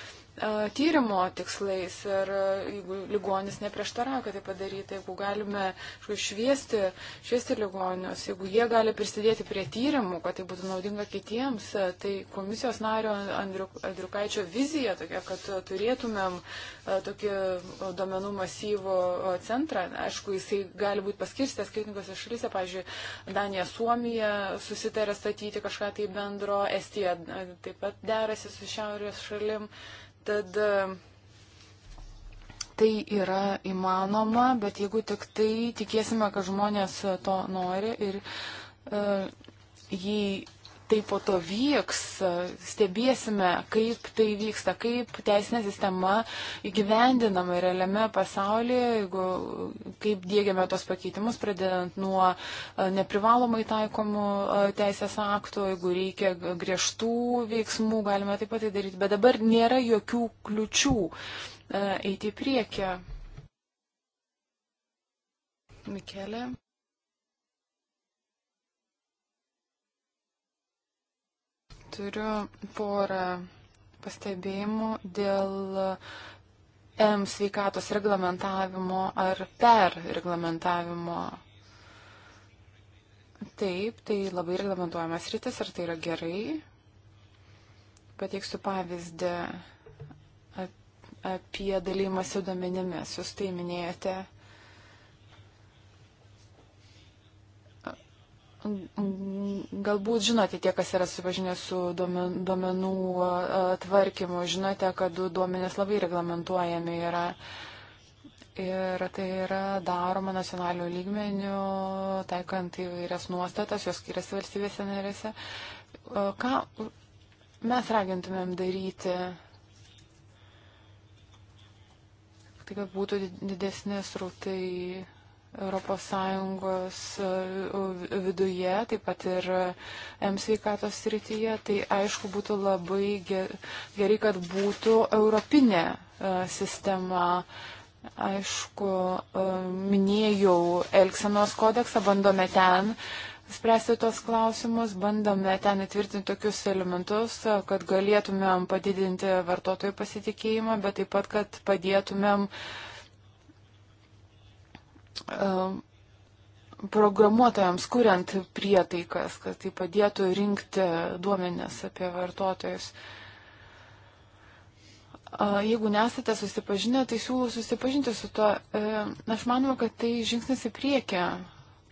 tyrimo tikslais ir jeigu ligonis neprieštarauja, kad tai padaryti, jeigu galime šku, šviesti, šviesti ligonius, jeigu jie gali prisidėti prie tyrimų, kad tai būtų naudinga kitiems, tai komisijos nario Andriukaičio vizija tokia, kad turėtumėm tokį domenų masyvų centrą. Aišku, jisai gali būti paskirstęs skirtingose šalyse, pavyzdžiui, Danija, Suomija susitarė statyti kažką tai bendro, Estija taip pat derasi su šiaurės šalim. Uh, Tad e, tai yra įmanoma, bet jeigu tik tai tikėsime, kad žmonės to nori ir uh, e, jei tai po to vyks, stebėsime, kaip tai vyksta, kaip teisinė sistema įgyvendinama realiame pasaulyje, jeigu, kaip dėgiame tos pakeitimus, pradedant nuo e, neprivalomai taikomų e, teisės aktų, jeigu reikia griežtų veiksmų, galime taip pat tai daryti, bet dabar nėra jokių kliučių e, eiti į priekį. Mikelė. Turiu porą pastebėjimų dėl M sveikatos reglamentavimo ar per reglamentavimo. Taip, tai labai reglamentuojamas rytis, ar tai yra gerai. Pateiksiu pavyzdį apie dalymąsi duomenimis. Jūs tai minėjote Galbūt žinote tie, kas yra susipažinę su duomenų tvarkymu, žinote, kad duomenės labai reglamentuojami yra. Ir tai yra daroma nacionalinių lygmenių, taikant įvairias nuostatas, jos skiriasi valstybėse narėse. Ką mes ragintumėm daryti, tai kad būtų didesnės rūtai ES e, viduje, taip pat ir M sveikatos srityje, tai aišku būtų labai gerai, kad būtų europinė e, sistema. Aišku, e, minėjau Elksenos kodeksą, bandome ten spręsti tos klausimus, bandome ten įtvirtinti tokius elementus, kad galėtumėm padidinti vartotojų pasitikėjimą, bet taip pat, kad padėtumėm uh, Um, programuotojams kuriant prietaikas, kad tai padėtų rinkti duomenis apie vartotojus. Jeigu nesate susipažinę, tai siūlau susipažinti su tuo. E, aš manau, kad tai žingsnis į priekį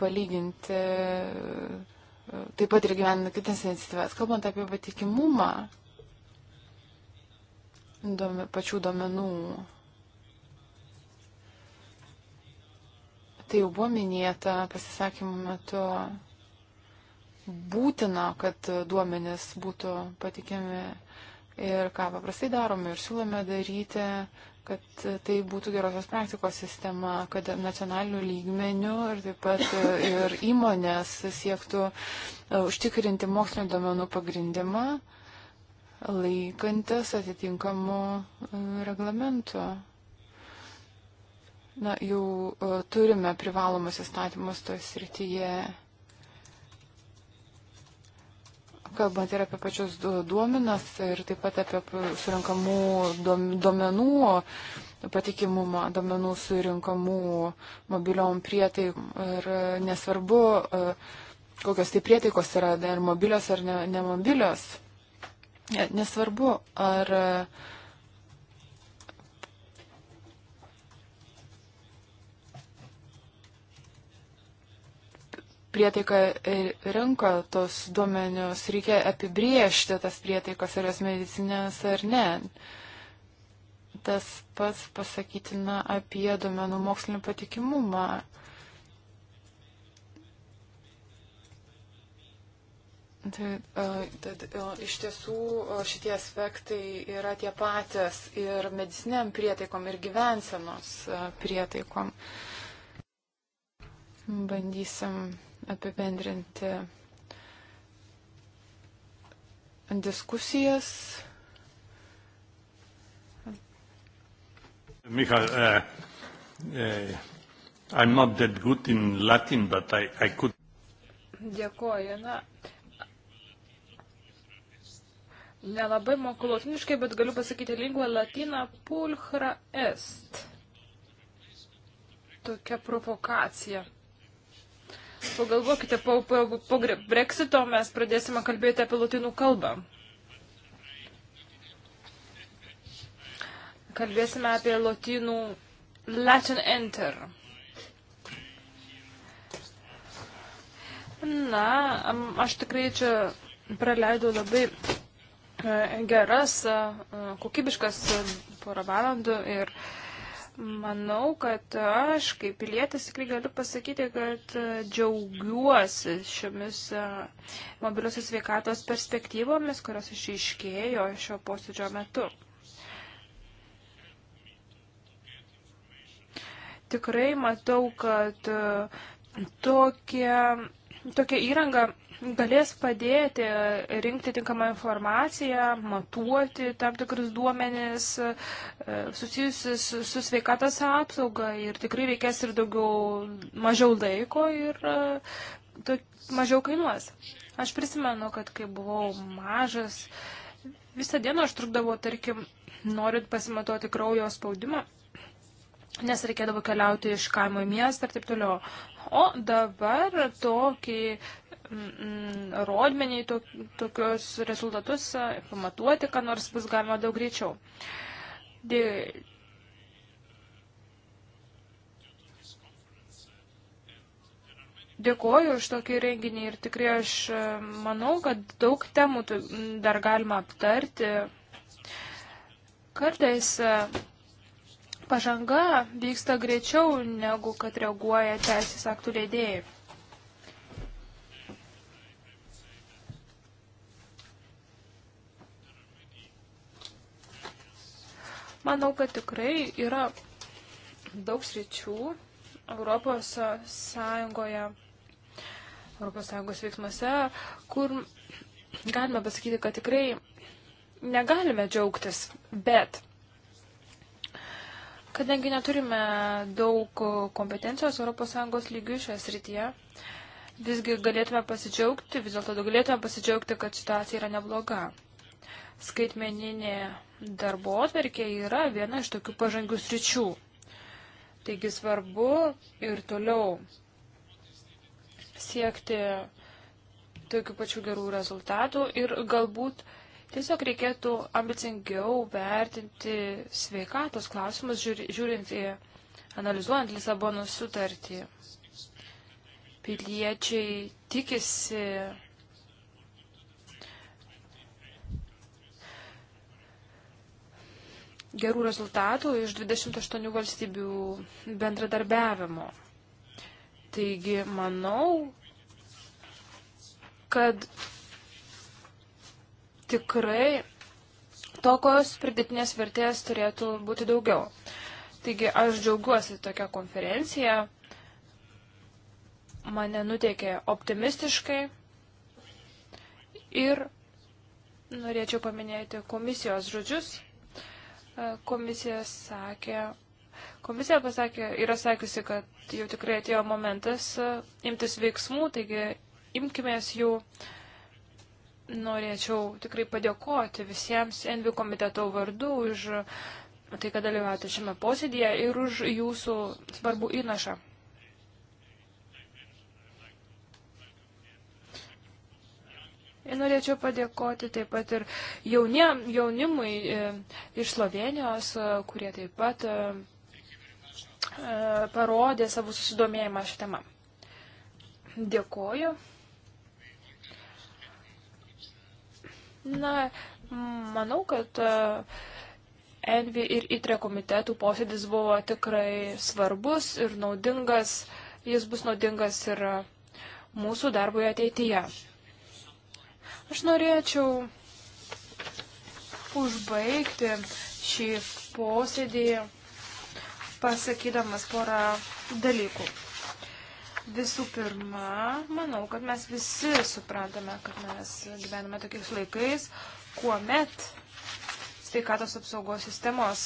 palyginti e, taip pat ir gyvenant kitas iniciatyvas. Kalbant apie patikimumą pačių domenų Tai jau buvo minėta pasisakymų metu būtina, kad duomenis būtų patikiami ir ką paprastai darome ir siūlome daryti, kad tai būtų gerosios praktikos sistema, kad nacionalinių lygmenių ir taip pat ir įmonės siektų e, užtikrinti mokslinio domenų pagrindimą laikantis atitinkamų e, reglamentų. Na, jau e, turime privalomus įstatymus toje srityje. Kalbant ir apie pačius duomenas ir taip pat apie surinkamų duomenų patikimumą, duomenų surinkamų mobiliom prietai. Ir nesvarbu, e, kokios tai prieitaikos yra, ar mobilios ar ne, nemobilios. Nesvarbu, ar. Uh, prietaika renka tos duomenius, reikia apibriežti tas prietaikas, ar jos medicinės ar ne. Tas pats pasakytina apie duomenų mokslinį patikimumą. Tai, e, tad, e, iš tiesų šitie aspektai yra tie patys ir mediciniam prietaikom, ir gyvensenos e, prietaikom. Bandysim apibendrinti diskusijas. Michael, uh, uh, I'm not that good in Latin, but I, I could. Dėkoju. Na, nelabai moku latiniškai, bet galiu pasakyti lingvą latiną pulchra est. Tokia provokacija. Pagalvokite, po, po, po Brexito mes pradėsime kalbėti apie latinų kalbą. Kalbėsime apie latinų Latin Enter. Na, aš tikrai čia praleidau labai e, geras, e, kokybiškas e, porą valandų ir uh, Manau, kad aš kaip pilietis tikrai galiu pasakyti, kad e, džiaugiuosi šiomis e, mobiliosios sveikatos perspektyvomis, kurios išaiškėjo šio posėdžio metu. Tikrai matau, kad e, tokia, tokia įranga galės padėti rinkti tinkamą informaciją, matuoti tam tikrus duomenis e, susijusius su sveikatos apsauga ir tikrai reikės ir daugiau, mažiau laiko ir e, to, mažiau kainuos. Aš prisimenu, kad kai buvau mažas, visą dieną aš trukdavau, tarkim, norint pasimatuoti kraujo spaudimą, nes reikėdavo keliauti iš kaimo į miestą ir taip toliau. O dabar tokį Mm, rodmenį, to, tokius rezultatus e, pamatuoti, kad nors bus galima daug greičiau. De, Dėkoju už tokį renginį ir tikrai aš e, manau, kad daug temų dar galima aptarti. Kartais e, pažanga vyksta greičiau, negu kad reaguoja teisės aktų leidėjai. Manau, kad tikrai yra daug sričių Europos Sąjungoje, Europos Sąjungos veiksmuose, kur galime pasakyti, kad tikrai negalime džiaugtis, bet kadangi neturime daug kompetencijos ES lygių šioje srityje, visgi galėtume pasidžiaugti, vis dėlto galėtume pasidžiaugti, kad situacija yra nebloga. Skaitmeninė darbo atverkė yra viena iš tokių pažangių sričių. Taigi svarbu ir toliau siekti tokių pačių gerų rezultatų ir galbūt tiesiog reikėtų ambicingiau vertinti sveikatos klausimus, žiūrint į, analizuojant Lisabonos sutartį. Piliečiai tikisi gerų rezultatų iš 28 valstybių bendradarbiavimo. Taigi manau, kad tikrai tokios pridėtinės vertės turėtų būti daugiau. Taigi aš džiaugiuosi tokią konferenciją, mane nutiekė optimistiškai ir norėčiau paminėti komisijos žodžius, komisija sakė, komisija pasakė, yra sakiusi, kad jau tikrai atėjo momentas e, imtis veiksmų, taigi imkimės jų. Norėčiau tikrai padėkoti visiems Envi komiteto vardu už tai, kad dalyvavote šiame posėdėje ir už jūsų svarbų įnašą. Ir norėčiau padėkoti taip pat ir jaunie, jaunimui e, iš Slovenijos, e, kurie taip pat e, parodė savo susidomėjimą šią temą. Dėkoju. Na, manau, kad Envi ir ITRE komitetų posėdis buvo tikrai svarbus ir naudingas. Jis bus naudingas ir mūsų darboje ateityje. Aš norėčiau užbaigti šį posėdį pasakydamas porą dalykų. Visų pirma, manau, kad mes visi suprantame, kad mes gyvename tokiais laikais, kuomet sveikatos apsaugos sistemos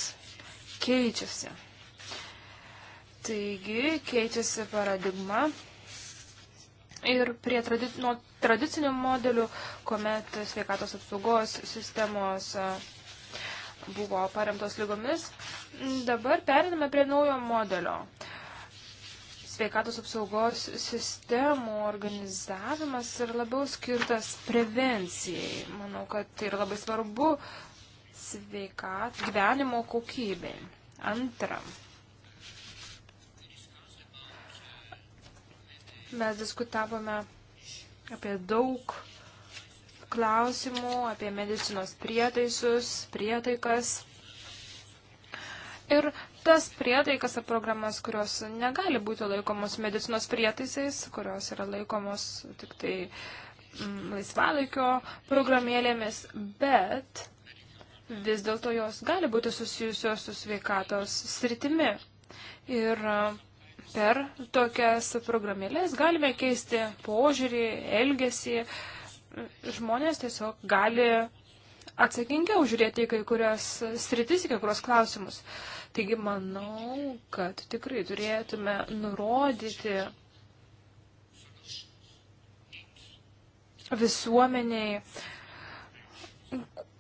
keičiasi. Taigi keičiasi paradigma, ir prie tradi nuo tradicinių modelių, kuomet sveikatos apsaugos sistemos buvo paremtos lygomis. Dabar periname prie naujo modelio. Sveikatos apsaugos sistemų organizavimas yra labiau skirtas prevencijai. Manau, kad tai yra labai svarbu sveikat gyvenimo kokybei. Antra, Mes diskutavome apie daug klausimų, apie medicinos prietaisus, prietaikas. Ir tas prietaikas ar programas, kurios negali būti laikomos medicinos prietaisais, kurios yra laikomos tik tai mm, laisvalaikio programėlėmis, bet vis dėlto jos gali būti susijusios su sveikatos sritimi. Ir per tokias programėlės galime keisti požiūrį, elgesį. Žmonės tiesiog gali atsakingiau žiūrėti į kai kurias sritis, į kai kurios klausimus. Taigi manau, kad tikrai turėtume nurodyti visuomeniai,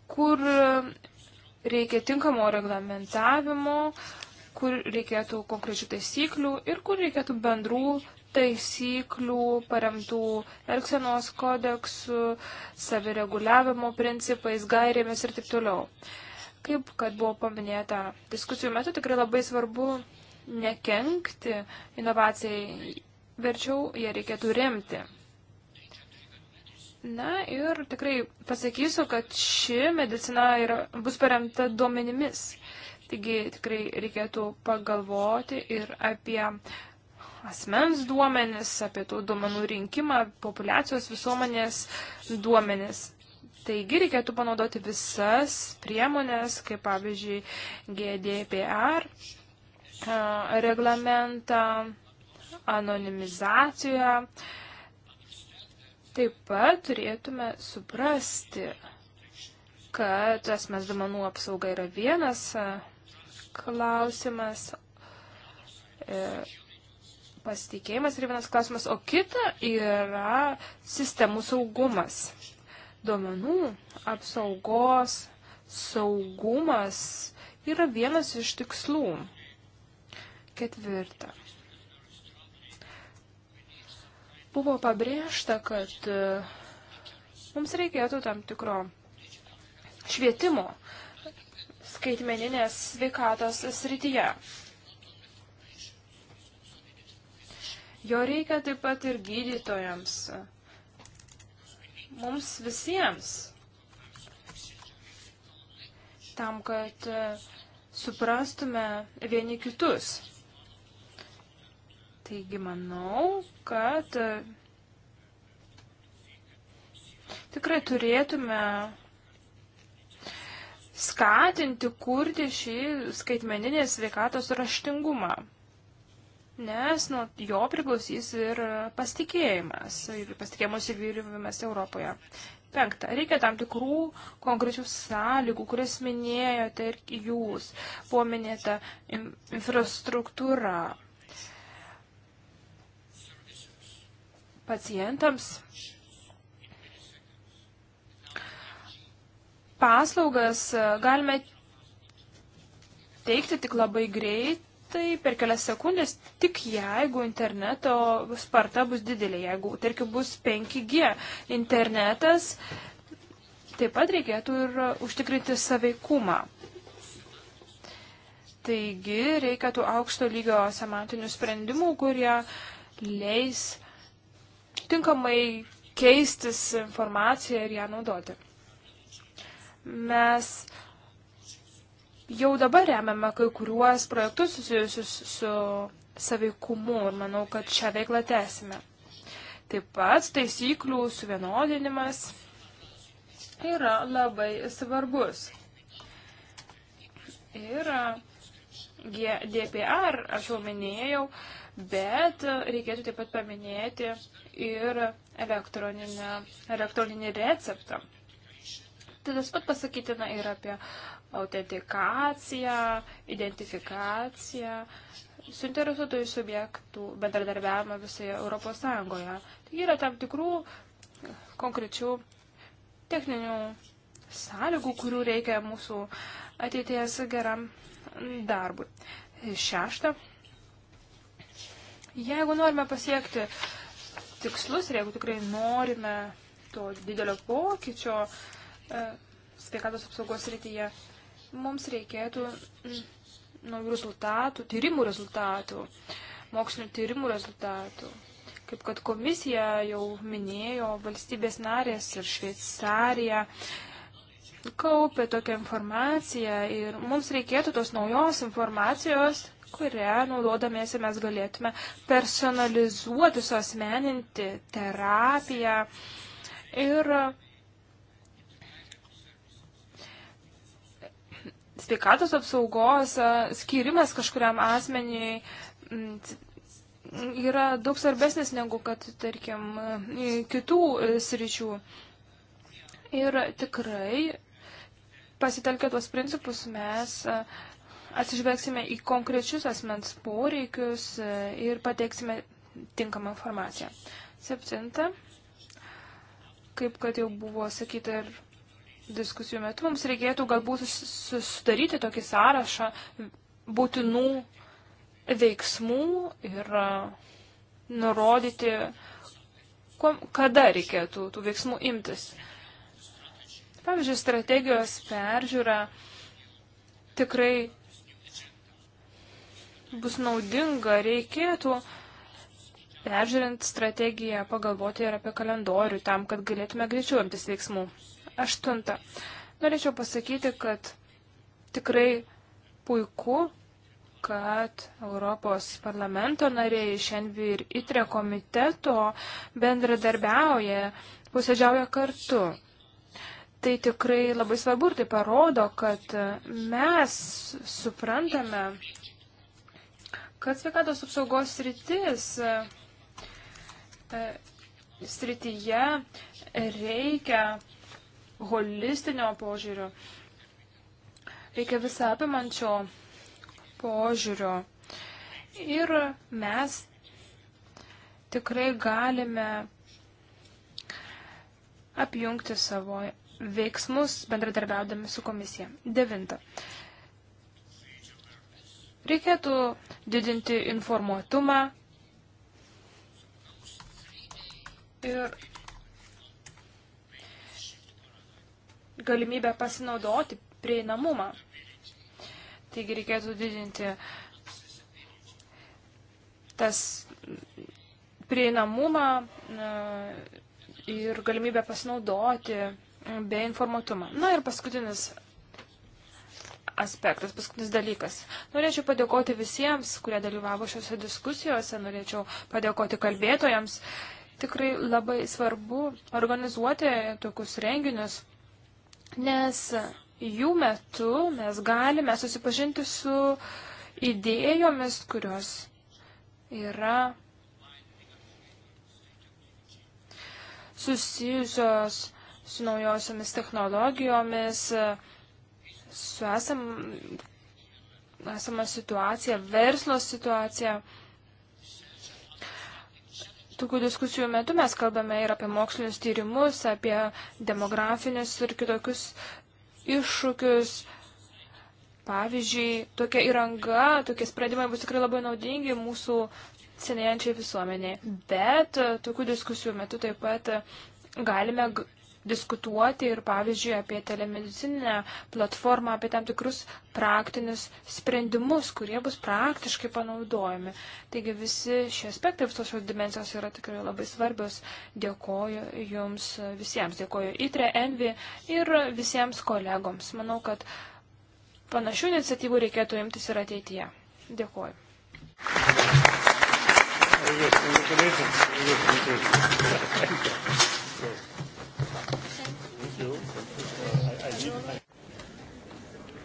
kur reikia tinkamo reglamentavimo, uh, kur reikėtų konkrečių taisyklių ir kur reikėtų bendrų taisyklių paremtų Elksenos kodeksu, savireguliavimo principais, gairėmis ir taip toliau. Kaip, kad buvo paminėta diskusijų metu, tikrai labai svarbu nekenkti inovacijai, verčiau ją reikėtų remti. Na ir tikrai pasakysiu, kad ši medicina yra, bus paremta duomenimis. Taigi tikrai reikėtų pagalvoti ir apie asmens duomenis, apie tų duomenų rinkimą, populiacijos visuomenės duomenis. Taigi reikėtų panaudoti visas priemonės, kaip pavyzdžiui GDPR reglamentą, anonimizaciją. Taip pat turėtume suprasti, kad asmens duomenų apsauga yra vienas klausimas, e, pasitikėjimas yra vienas klausimas, o kita yra sistemų saugumas. Duomenų apsaugos saugumas yra vienas iš tikslų. Ketvirta. Buvo pabrėžta, kad e, mums reikėtų tam tikro švietimo, skaitmeninės sveikatos srityje. Jo reikia taip pat ir gydytojams, mums visiems, tam, kad e, suprastume vieni kitus. Taigi manau, kad e, tikrai turėtume skatinti kurti šį skaitmeninį sveikatos raštingumą, nes nuo jo priklausys ir pasitikėjimas, ir pasitikėjimas įvyrivimas Europoje. Penkta, reikia tam tikrų konkrečių sąlygų, kurias minėjote ir jūs. Buvo minėta infrastruktūra pacientams paslaugas e, galime teikti tik labai greitai, per kelias sekundės, tik jeigu interneto sparta bus didelė, jeigu, tarkim, bus 5G internetas, taip pat reikėtų ir užtikrinti saveikumą. Taigi reikia tų aukšto lygio semantinių sprendimų, kurie leis tinkamai keistis informaciją ir ją naudoti mes jau dabar remiame kai kuriuos projektus susijusius su saveikumu ir manau, kad šią veiklą tęsime. Taip pat taisyklių suvienodinimas yra labai svarbus. Ir GDPR aš jau minėjau, bet reikėtų taip pat paminėti ir elektroninį receptą tas pat pasakytina ir apie autentikaciją, identifikaciją, suinteresuotųjų subjektų bendradarbiavimą visoje Europos Sąjungoje. Taigi yra tam tikrų konkrečių techninių sąlygų, kurių reikia mūsų ateities geram darbui. Šešta. Jeigu norime pasiekti tikslus ir jeigu tikrai norime to didelio pokyčio, uh, E, sveikatos apsaugos rytyje. Mums reikėtų mm, naujų rezultatų, tyrimų rezultatų, mokslinių tyrimų rezultatų. Kaip kad komisija jau minėjo, valstybės narės ir Šveicarija kaupė tokią informaciją ir mums reikėtų tos naujos informacijos, kurią naudodamėsi mes galėtume personalizuoti, suosmeninti terapiją ir sveikatos apsaugos e, skirimas kažkuriam asmeniui yra daug svarbesnis negu kad, tarkim, e, kitų e, sričių. Ir tikrai pasitelkę tuos principus mes atsižvelgsime į konkrečius asmens poreikius ir pateiksime tinkamą informaciją. Septinta, kaip kad jau buvo sakyta ir diskusijų metu mums reikėtų galbūt susidaryti tokį sąrašą būtinų veiksmų ir nurodyti, kada reikėtų tų veiksmų imtis. Pavyzdžiui, strategijos peržiūra tikrai bus naudinga, reikėtų peržiūrint strategiją pagalvoti ir apie kalendorių tam, kad galėtume greičiau imtis veiksmų. Aštunta. Norėčiau pasakyti, kad tikrai puiku, kad Europos parlamento nariai iš Envi ir ITRE komiteto bendradarbiauja, pusėdžiauja kartu. Tai tikrai labai svarbu ir tai parodo, kad mes suprantame, kad sveikatos apsaugos sritis e, srityje reikia holistinio požiūrio, reikia visą apimančio požiūrio. Ir mes tikrai galime apjungti savo veiksmus bendradarbiaudami su komisija. Devinta. Reikėtų didinti informuotumą ir galimybę pasinaudoti prieinamumą. Taigi reikėtų didinti tas prieinamumą ir galimybę pasinaudoti bei informatumą. Na ir paskutinis aspektas, paskutinis dalykas. Norėčiau padėkoti visiems, kurie dalyvavo šiuose diskusijose, norėčiau padėkoti kalbėtojams. Tikrai labai svarbu organizuoti tokius renginius, nes jų metu mes galime susipažinti su idėjomis, kurios yra susijusios su naujosiomis technologijomis, su esam, esama situacija, verslo situacija tokių diskusijų metu mes kalbame ir apie mokslinius tyrimus, apie demografinius ir kitokius iššūkius. Pavyzdžiui, tokia įranga, tokie sprendimai bus tikrai labai naudingi mūsų senėjančiai visuomeniai. Bet tokių diskusijų metu taip pat galime diskutuoti ir, pavyzdžiui, apie telemedicininę platformą, apie tam tikrus praktinius sprendimus, kurie bus praktiškai panaudojami. Taigi visi šie aspektai, visos šios dimensijos yra tikrai labai svarbios. Dėkoju Jums visiems, dėkoju ITRE, ENVI ir visiems kolegoms. Manau, kad panašių iniciatyvų reikėtų imtis ir ateityje. Dėkoju. Thank you.